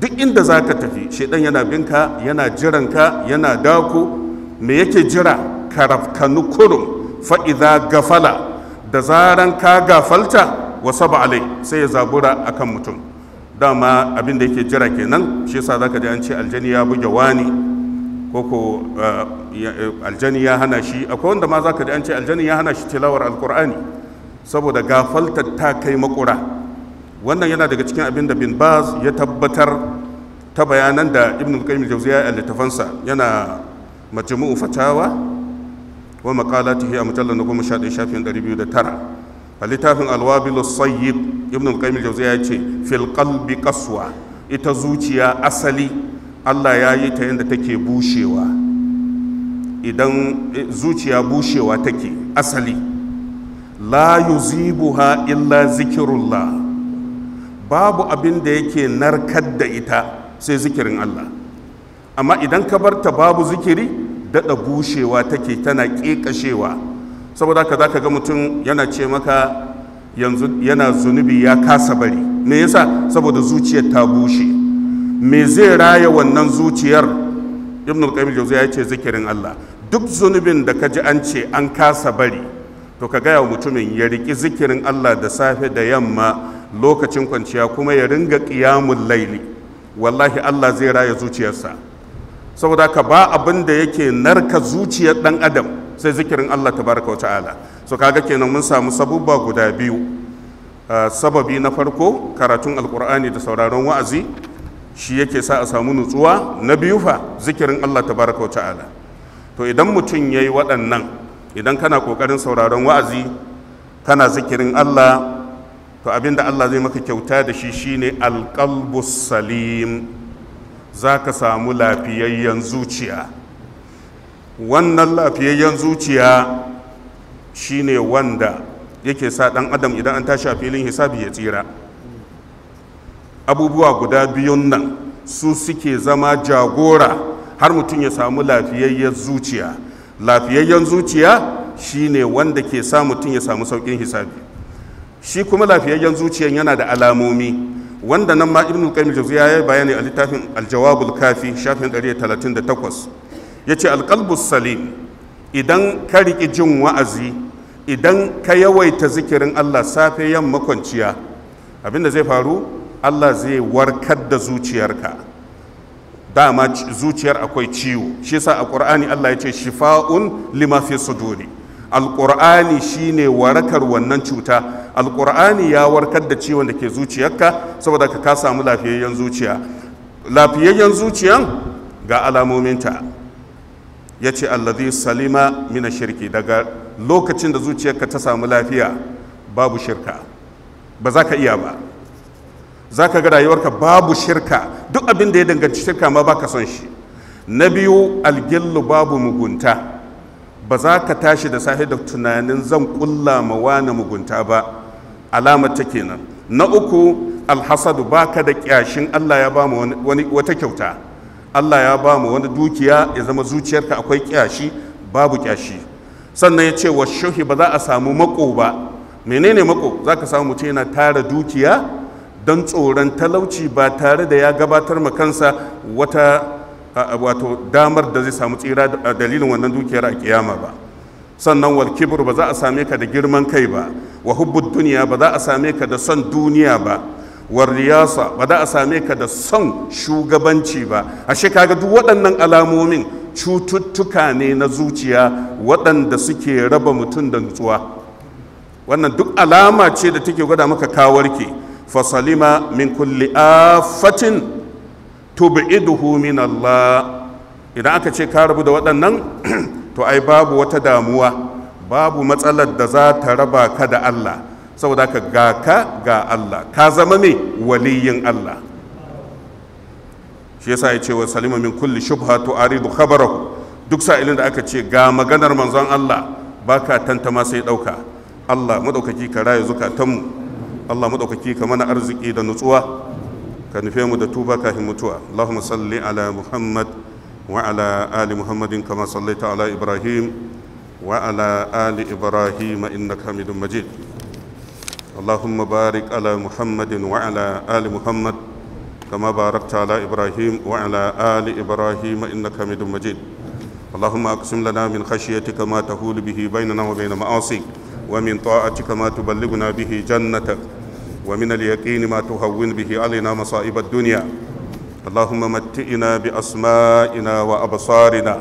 A: duk inda za ka tafi shedan yana binka yana jiran ka yana dako me yake jira karafkanu kurum kurum fa'iza gafala da zaran ka gafalta wasa ba alai sai ya zabura akan mutum dama abin da yake jira kenan shi yasa zaka ji an ce aljani ya buge wani ko ko eh, eh, aljani ya hana shi akwai wanda ma zaka ji an ce aljani ya hana shi tilawar alkur'ani saboda gafaltar ta kai makura wannan yana daga cikin abin da bin baz ya tabbatar ta bayanan da ibn qayyim jawziya a littafansa yana majmu'u fatawa wa maqalatihi a mujallal 11 shafin 209 a littafin alwabilu sayyib ibn al-qayyim jauziya ya ce fil qalbi qaswa ita zuciya asali Allah ya yi ta yadda take bushewa idan eh, zuciya bushewa take asali la yuzibuha illa zikrullah babu abin da yake narkar da ita sai zikirin Allah amma idan ka barta babu zikiri dada bushewa take tana ƙeƙashewa saboda za ka ga mutum yana ce maka yanzu yana zunubi ya kasa bari me yasa saboda zuciyar ta bushe me zai raya wannan zuciyar ibnul qayyim jawziya ya ce zikirin Allah duk zunubin da ka ji an ce an kasa bari to ka gaya mutumin ya riki zikirin Allah da safe da yamma lokacin kwanciya kuma ya ringa qiyamul laili wallahi Allah zai raya zuciyarsa saboda ka ba abin da yake narka zuciyar dan adam sai zikirin Allah tabaraka wa ta'ala so kaga kenan mun samu sabubba guda biyu ah, sababi na farko karatun alkur'ani da sauraron wa'azi shi yake sa a samu nutsuwa na biyu fa zikirin Allah tabaraka wa ta'ala to idan mutum yayi waɗannan idan kana kokarin sauraron wa'azi kana zikirin Allah to abinda Allah zai maka kyauta da shi shine alqalbus salim zaka samu lafiyayyen zuciya wannan lafiyayyen zuciya shine wanda yake sa dan adam idan an tashi a filin hisabi ya tsira abubuwa guda biyun nan su suke zama jagora har mutum ya samu lafiyayyen zuciya lafiyayyen zuciya shine wanda ke sa mutum ya samu saukin hisabi shi kuma lafiyayyen zuciyan yana da alamomi wanda nan ma ibn qayyim jawziya ya bayani a littafin aljawabul kafi shafin 138 ya ce alƙalbus salim idan ka riƙi jin wa'azi idan ka yawaita zikirin allah safe yamma kwanciya abinda zai faru allah zai warkar da zuciyarka dama zuciyar akwai ciwo shi sa a ƙur'ani allah ya ce shifa'un lima fi suduri alƙur'ani shine warakar wannan cuta alƙur'ani ya warkar da ciwon da ke zuciyarka saboda ka samu lafiyayyen zuciya lafiyayyen zuciyan ga alamominta ya ce allazi salima mina shirki daga lokacin da zuciyarka ta samu lafiya babu shirka ba za ka iya ba za ka ga rayuwarka babu shirka duk abin da ya danganci shirka ma baka son shi na biyu algillu babu mugunta ba za ka tashi da sahi da tunanin zan kulla ma wani mugunta ba alamar ta kenan na uku alhasadu baka da kyashin allah ya ba wata kyauta Allah ya ba mu wani dukiya ya zama zuciyarka akwai kyashi babu kyashi sannan ya ce wa shuhi ba za a samu mako ba menene mako za ka samu mutum yana tara dukiya don tsoron talauci ba tare da ya gabatar ma kansa wata wato damar da zai samu tsira a dalilin wannan dukiyar a kiyama ba sannan wal kibru ba za a same ka da girman kai ba wa hubbud duniya ba za a same ka da son duniya ba war riyasa ba da a same ka da son shugabanci ba ashe kaga duk waɗannan alamomin cututtuka ne na zuciya waɗanda suke raba mutum da nutsuwa wannan duk alama ce da take gwada maka kawarki fasalima min kulli afatin tub'iduhu min Allah idan aka ce ka rabu da waɗannan to ai babu wata damuwa babu matsalar da za ta raba ka da Allah saboda ka ga ka ga Allah ka zama mai waliyin Allah shi yasa ya ce wa salima min kulli shubha tu'aridu khabarahu duk sa'ilin da aka ce ga maganar manzon Allah baka tantama sai dauka Allah madaukaki ka raye zukatanmu Allah madaukaki ka mana arziki da nutsuwa ka nufe mu da tuba kafin mutuwa Allahumma salli ala Muhammad wa ala ali Muhammadin kama sallaita ala Ibrahim wa ala ali Ibrahim innaka Hamidum Majid اللهم بارك على محمد وعلى آل محمد كما باركت على إبراهيم وعلى آل إبراهيم إنك حميد مجيد اللهم أقسم لنا من خشيتك ما تهول به بيننا وبين معاصيك ومن طاعتك ما تبلغنا به جنتك ومن اليقين ما تهون به علينا مصائب الدنيا اللهم متئنا بأسمائنا وأبصارنا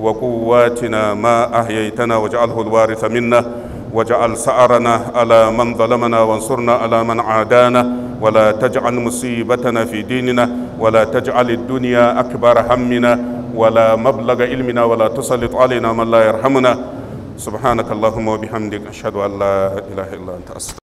A: وقواتنا ما أحييتنا واجعله الوارث منا واجعل سعرنا على من ظلمنا وانصرنا على من عادانا ولا تجعل مصيبتنا في ديننا ولا تجعل الدنيا أكبر همنا ولا مبلغ علمنا ولا تسلط علينا من لا يرحمنا سبحانك اللهم وبحمدك أشهد أن لا إله إلا أنت أستغفرك